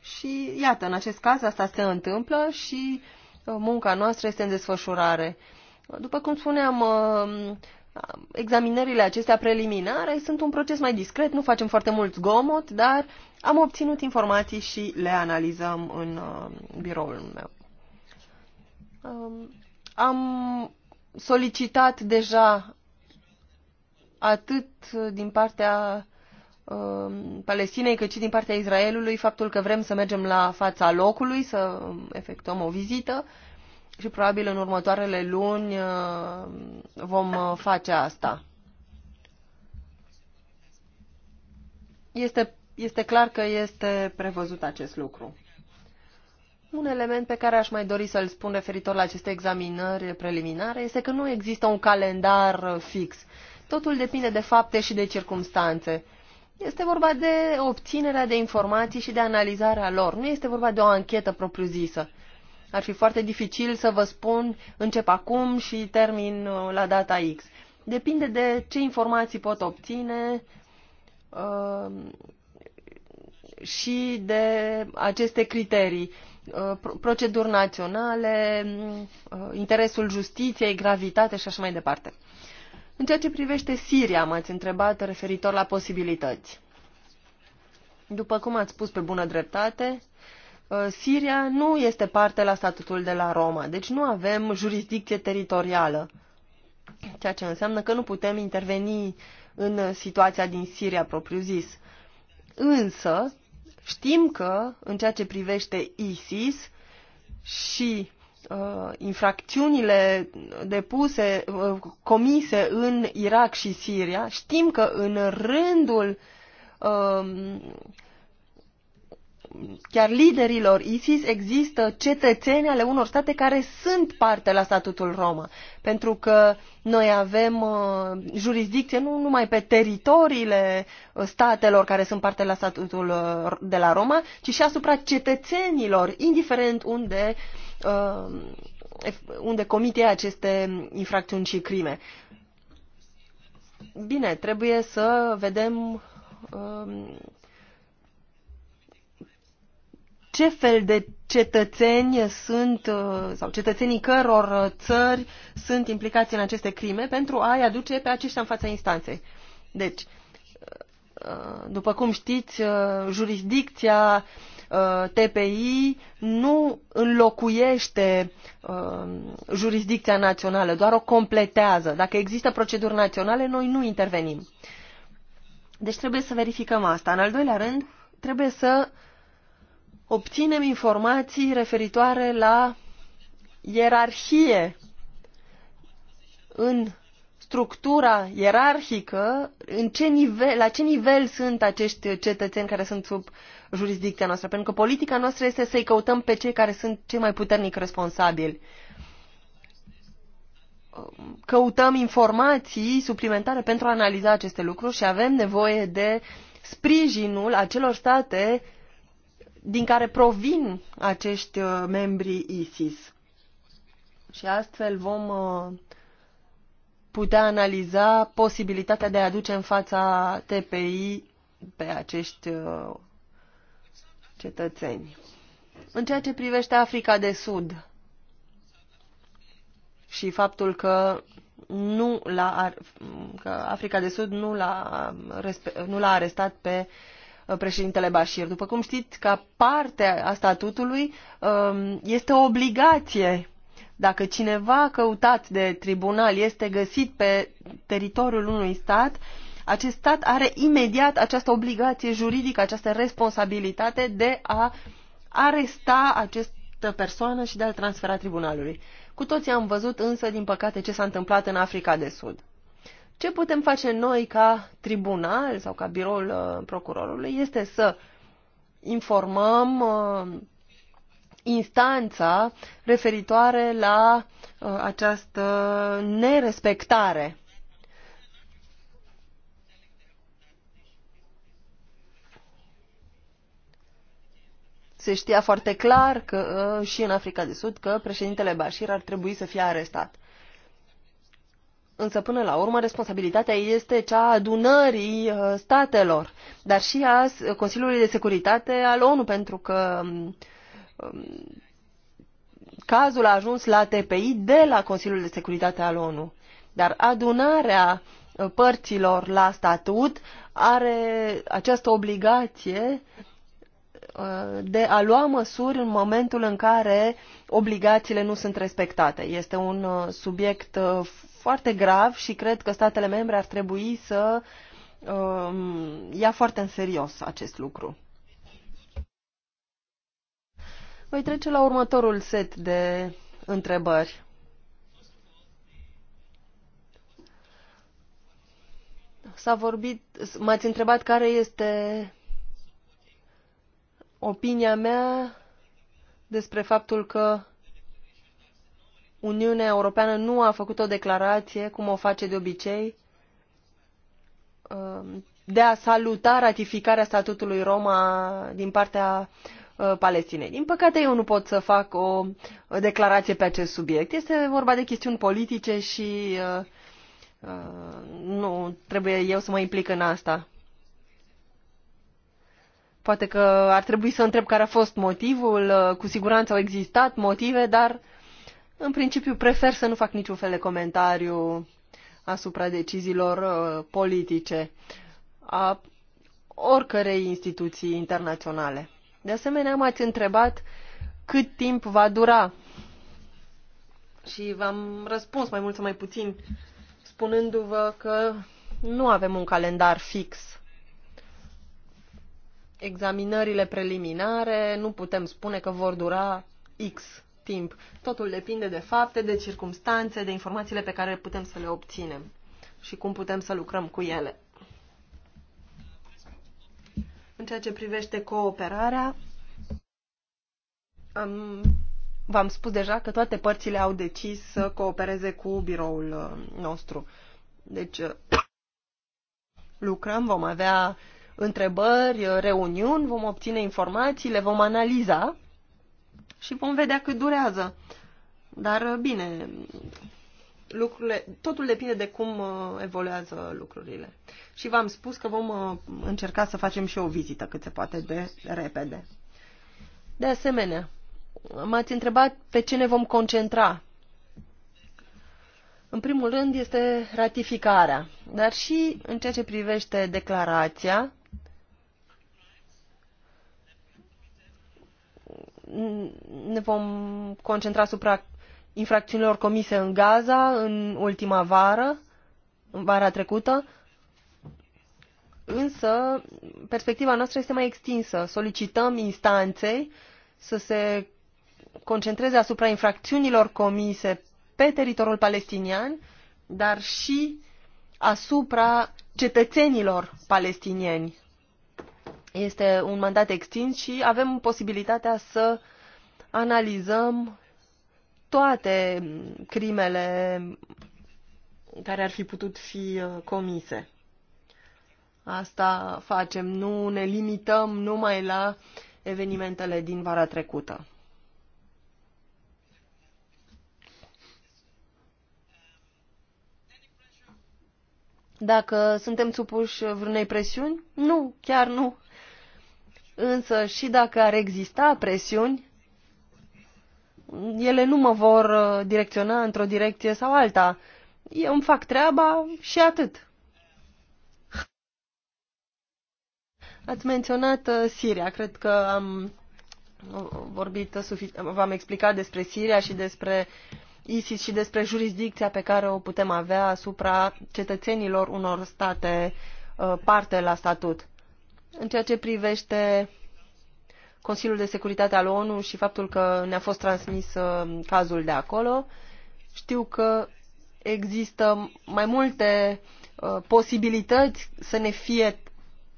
Și iată, în acest caz asta se întâmplă și uh, munca noastră este în desfășurare. După cum spuneam, uh, examinările acestea preliminare sunt un proces mai discret, nu facem foarte mult zgomot, dar am obținut informații și le analizăm în uh, biroul meu. Um, am solicitat deja atât din partea um, Palestinei, cât și din partea Israelului, faptul că vrem să mergem la fața locului, să efectuăm o vizită și probabil în următoarele luni uh, vom uh, face asta. Este, este clar că este prevăzut acest lucru. Un element pe care aș mai dori să-l spun referitor la aceste examinări preliminare este că nu există un calendar fix. Totul depinde de fapte și de circumstanțe. Este vorba de obținerea de informații și de analizarea lor. Nu este vorba de o anchetă propriu-zisă. Ar fi foarte dificil să vă spun încep acum și termin uh, la data X. Depinde de ce informații pot obține uh, și de aceste criterii. Uh, Uh, proceduri naționale, uh, interesul justiției, gravitate și așa mai departe. În ceea ce privește Siria, m-ați întrebat referitor la posibilități. După cum ați spus pe bună dreptate, uh, Siria nu este parte la statutul de la Roma, deci nu avem jurisdicție teritorială, ceea ce înseamnă că nu putem interveni în situația din Siria propriu-zis. Însă, Știm că, în ceea ce privește ISIS și uh, infracțiunile depuse, uh, comise în Irak și Siria, știm că în rândul uh, chiar liderilor ISIS există cetățeni ale unor state care sunt parte la statutul romă, pentru că noi avem uh, jurisdicție nu numai pe teritoriile uh, statelor care sunt parte la statutul uh, de la Roma, ci și asupra cetățenilor, indiferent unde, uh, unde comite aceste infracțiuni și crime. Bine, trebuie să vedem uh, ce fel de cetățeni sunt uh, sau cetățenii căror uh, țări sunt implicați în aceste crime pentru a-i aduce pe aceștia în fața instanței. Deci, uh, după cum știți, jurisdicția TPI nu înlocuiește jurisdicția națională, doar o completează. Dacă există proceduri naționale, noi nu intervenim. Deci trebuie să verificăm asta. În al doilea rând, trebuie să uh, obținem informații referitoare la ierarhie în structura ierarhică, în ce nivel, la ce nivel sunt acești cetățeni care sunt sub jurisdicția noastră. Pentru că politica noastră este să-i căutăm pe cei care sunt cei mai puternic responsabili. Căutăm informații suplimentare pentru a analiza aceste lucruri și avem nevoie de sprijinul acelor state din care provin acești uh, membri ISIS. Și astfel vom uh, putea analiza posibilitatea de a aduce în fața TPI pe acești uh, cetățeni. În ceea ce privește Africa de Sud și faptul că nu l-a, că Africa de Sud nu l-a, nu l-a arestat pe uh, Uh, președintele Bashir. După cum știți, ca parte a statutului um, este o obligație. Dacă cineva căutat de tribunal este găsit pe teritoriul unui stat, acest stat are imediat această obligație juridică, această responsabilitate de a aresta această persoană și de a-l transfera tribunalului. Cu toții am văzut însă, din păcate, ce s-a întâmplat în Africa de Sud. Ce putem face noi ca tribunal sau ca biroul uh, procurorului este să informăm uh, instanța referitoare la uh, această nerespectare. Se știa foarte clar că uh, și în Africa de Sud că președintele Bashir ar trebui să fie arestat. Însă, până la urmă, responsabilitatea este cea a adunării uh, statelor, dar și a Consiliului de Securitate al ONU, pentru că um, cazul a ajuns la TPI de la Consiliul de Securitate al ONU. Dar adunarea uh, părților la statut are această obligație uh, de a lua măsuri în momentul în care obligațiile nu sunt respectate. Este un subiect foarte grav și cred că statele membre ar trebui să um, ia foarte în serios acest lucru. Voi trece la următorul set de întrebări. S-a vorbit, m-ați întrebat care este opinia mea despre faptul că Uniunea Europeană nu a făcut o declarație, cum o face de obicei, um, de a saluta ratificarea statutului Roma din partea uh, Palestinei. Din păcate, eu nu pot să fac o declarație pe acest subiect. Este vorba de chestiuni politice și uh, uh, nu trebuie eu să mă implic în asta. Poate că ar trebui să întreb care a fost motivul. Cu siguranță au existat motive, dar uh, în principiu, prefer să nu fac niciun fel de comentariu asupra deciziilor uh, politice a oricărei instituții internaționale. De asemenea, m-ați întrebat cât timp va dura și v-am răspuns mai mult sau mai puțin spunându-vă că nu avem un calendar fix. Examinările preliminare nu putem spune că vor dura X timp. Totul depinde de fapte, de circumstanțe, de informațiile pe care putem să le obținem și cum putem să lucrăm cu ele. În ceea ce privește cooperarea, am, v-am spus deja că toate părțile au decis să coopereze cu biroul uh, nostru. Deci uh, <coughs> lucrăm, vom avea întrebări, uh, reuniuni, vom obține informații, le vom analiza și vom vedea cât durează. Dar uh, bine, lucrurile, totul depinde de cum uh, evoluează lucrurile. Și v-am spus că vom uh, încerca să facem și o vizită cât se poate de repede. De asemenea, m-ați întrebat pe ce ne vom concentra. În primul rând este ratificarea, dar și în ceea ce privește declarația, ne vom concentra asupra infracțiunilor comise în Gaza în ultima vară, în vara trecută, însă perspectiva noastră este mai extinsă. Solicităm instanței să se concentreze asupra infracțiunilor comise pe teritoriul palestinian, dar și asupra cetățenilor palestinieni este un mandat extins și avem posibilitatea să analizăm toate crimele care ar fi putut fi uh, comise. Asta facem, nu ne limităm numai la evenimentele din vara trecută. Dacă suntem supuși vreunei presiuni? Nu, chiar nu. Însă și dacă ar exista presiuni, ele nu mă vor uh, direcționa într-o direcție sau alta. Eu îmi fac treaba și atât. Ați menționat uh, Siria. Cred că am uh, vorbit, v-am explicat despre Siria și despre ISIS și despre jurisdicția pe care o putem avea asupra cetățenilor unor state parte la statut. În ceea ce privește Consiliul de Securitate al ONU și faptul că ne-a fost transmis uh, cazul de acolo, știu că există mai multe uh, posibilități să ne fie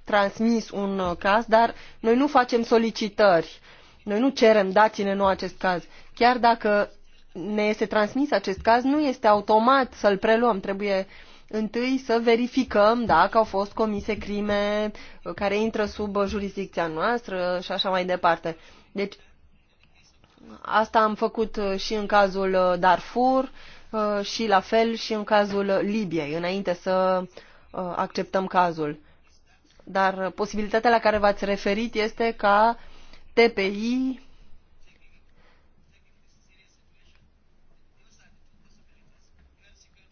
transmis un uh, caz, dar noi nu facem solicitări. Noi nu cerem dați-ne nou acest caz. Chiar dacă ne este transmis acest caz, nu este automat să-l preluăm. Trebuie uh, întâi să verificăm dacă au fost comise crime uh, care intră sub uh, jurisdicția noastră și așa mai departe. Deci, asta am făcut uh, și în cazul Darfur și la fel și în cazul Libiei, înainte să acceptăm cazul. Dar posibilitatea la care v-ați referit este ca TPI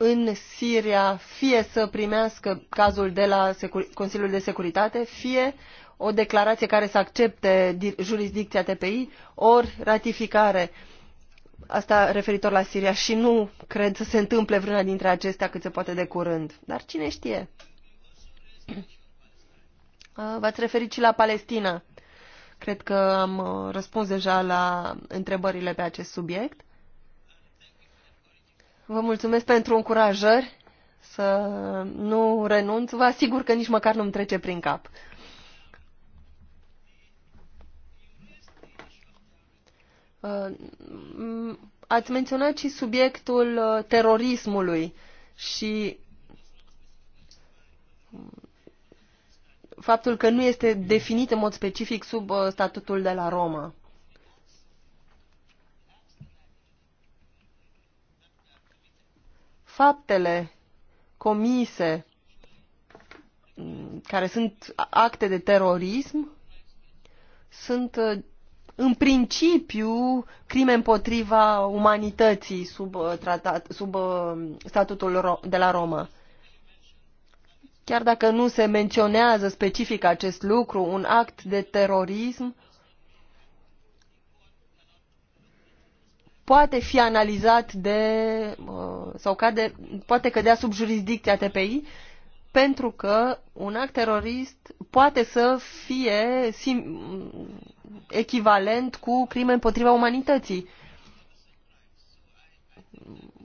în Siria fie să primească cazul de la Consiliul de Securitate, fie o declarație care să accepte jurisdicția TPI, ori ratificare. Asta referitor la Siria și nu cred să se întâmple vreuna dintre acestea cât se poate de curând. Dar cine știe? <clears throat> Ah, v-ați referit și la Palestina. Cred că am uh, răspuns deja la întrebările pe acest subiect. Vă mulțumesc pentru încurajări să nu renunț. Vă asigur că nici măcar nu-mi trece prin cap. Uh, ați menționat și subiectul uh, terorismului și faptul că nu este definit în mod specific sub uh, statutul de la Roma. faptele comise mm, care sunt acte de terorism sunt uh, în principiu crime împotriva umanității sub, uh, tratat, sub uh, statutul de la Roma. Chiar dacă nu se menționează specific acest lucru, un act de terorism poate fi analizat de, uh, sau cade, poate cădea sub jurisdicția TPI, pentru că un act terorist poate să fie sim, echivalent cu crime împotriva umanității.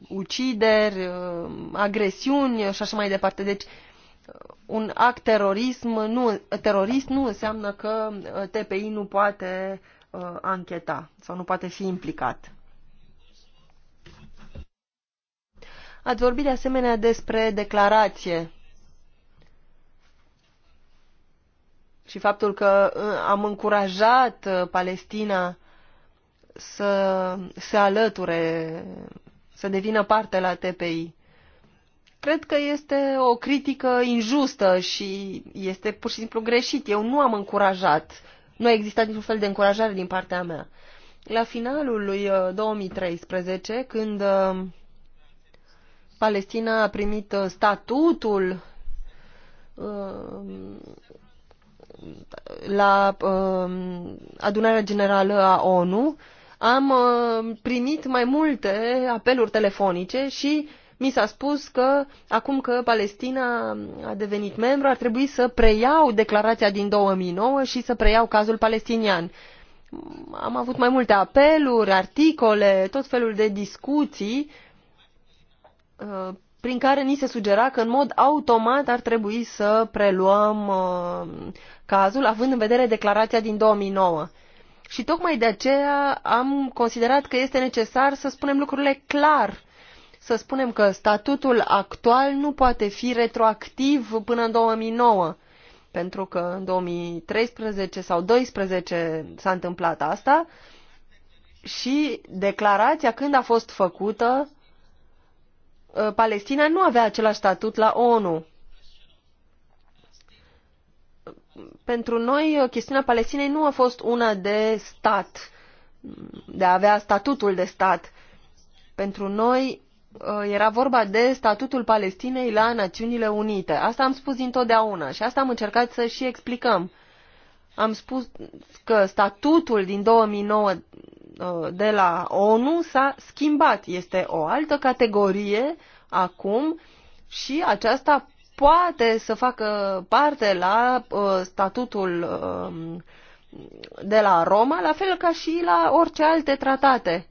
Ucideri, uh, agresiuni și așa mai departe. Deci, uh, un act terorism nu, terorist nu înseamnă că TPI nu poate ancheta sau nu poate fi implicat. Ați vorbit de asemenea despre declarație și faptul că uh, am încurajat uh, Palestina să se alăture, să devină parte la TPI. Cred că este o critică injustă și este pur și simplu greșit. Eu nu am încurajat, nu a existat niciun fel de încurajare din partea mea. La finalul lui 2013, uh, când Palestina a primit uh, statutul uh, la uh, adunarea generală a ONU, am primit mai multe apeluri telefonice și mi s-a spus că acum că Palestina a devenit membru, ar trebui să preiau declarația din 2009 și să preiau cazul palestinian. Am avut mai multe apeluri, articole, tot felul de discuții uh, Uh, prin care ni se sugera că în mod automat ar trebui să preluăm uh, cazul, având în vedere declarația din 2009. Și tocmai de aceea am considerat că este necesar să spunem lucrurile clar, să spunem că statutul actual nu poate fi retroactiv până în 2009, pentru că în 2013 sau 2012 s-a întâmplat asta și declarația când a fost făcută Uh, Palestina nu avea același statut la ONU. Pentru noi, uh, chestiunea Palestinei nu a fost una de stat, de a avea statutul de stat. Pentru noi uh, era vorba de statutul Palestinei la Națiunile Unite. Asta am spus dintotdeauna și asta am încercat să și explicăm. Am spus că statutul din 2009 Uh, de la ONU s-a schimbat. Este o altă categorie acum și aceasta poate să facă parte la uh, statutul um, de la Roma, la fel ca și la orice alte tratate.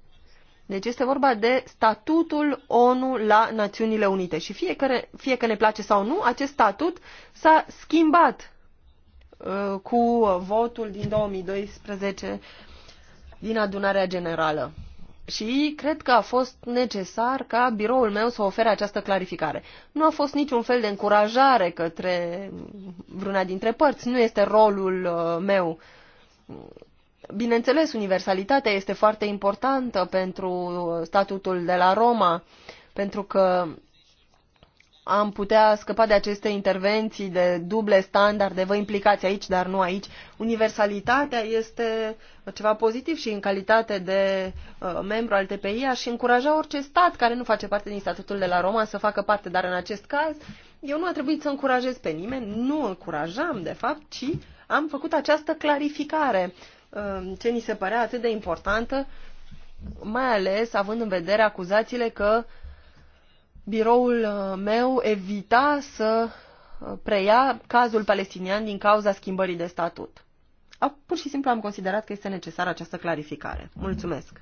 Deci este vorba de statutul ONU la Națiunile Unite și fie că, fie că ne place sau nu, acest statut s-a schimbat uh, cu votul din 2012 din adunarea generală. Și cred că a fost necesar ca biroul meu să ofere această clarificare. Nu a fost niciun fel de încurajare către vreuna dintre părți, nu este rolul uh, meu. Bineînțeles, universalitatea este foarte importantă pentru uh, statutul de la Roma, pentru că am putea scăpa de aceste intervenții, de duble standarde, vă implicați aici, dar nu aici. Universalitatea este ceva pozitiv și în calitate de uh, membru al TPI aș încuraja orice stat care nu face parte din statutul de la Roma să facă parte, dar în acest caz eu nu a trebuit să încurajez pe nimeni, nu încurajam de fapt, ci am făcut această clarificare uh, ce ni se părea atât de importantă, mai ales având în vedere acuzațiile că uh, biroul uh, meu evita să uh, preia cazul palestinian din cauza schimbării de statut. pur și simplu am considerat că este necesară această clarificare. Mulțumesc!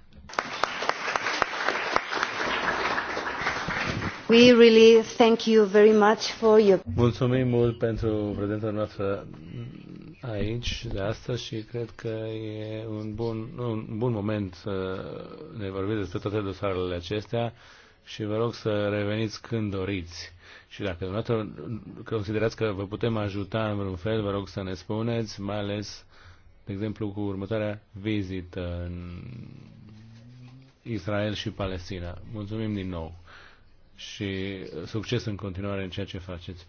We really thank you very much for your... Mulțumim mult pentru prezența noastră aici de astăzi și cred că e un bun, un bun moment să ne vorbim despre toate dosarele acestea și vă rog să reveniți când doriți. Și dacă dumneavoastră considerați că vă putem ajuta în vreun fel, vă rog să ne spuneți, mai ales, de exemplu, cu următoarea vizită în Israel și Palestina. Mulțumim din nou și succes în continuare în ceea ce faceți.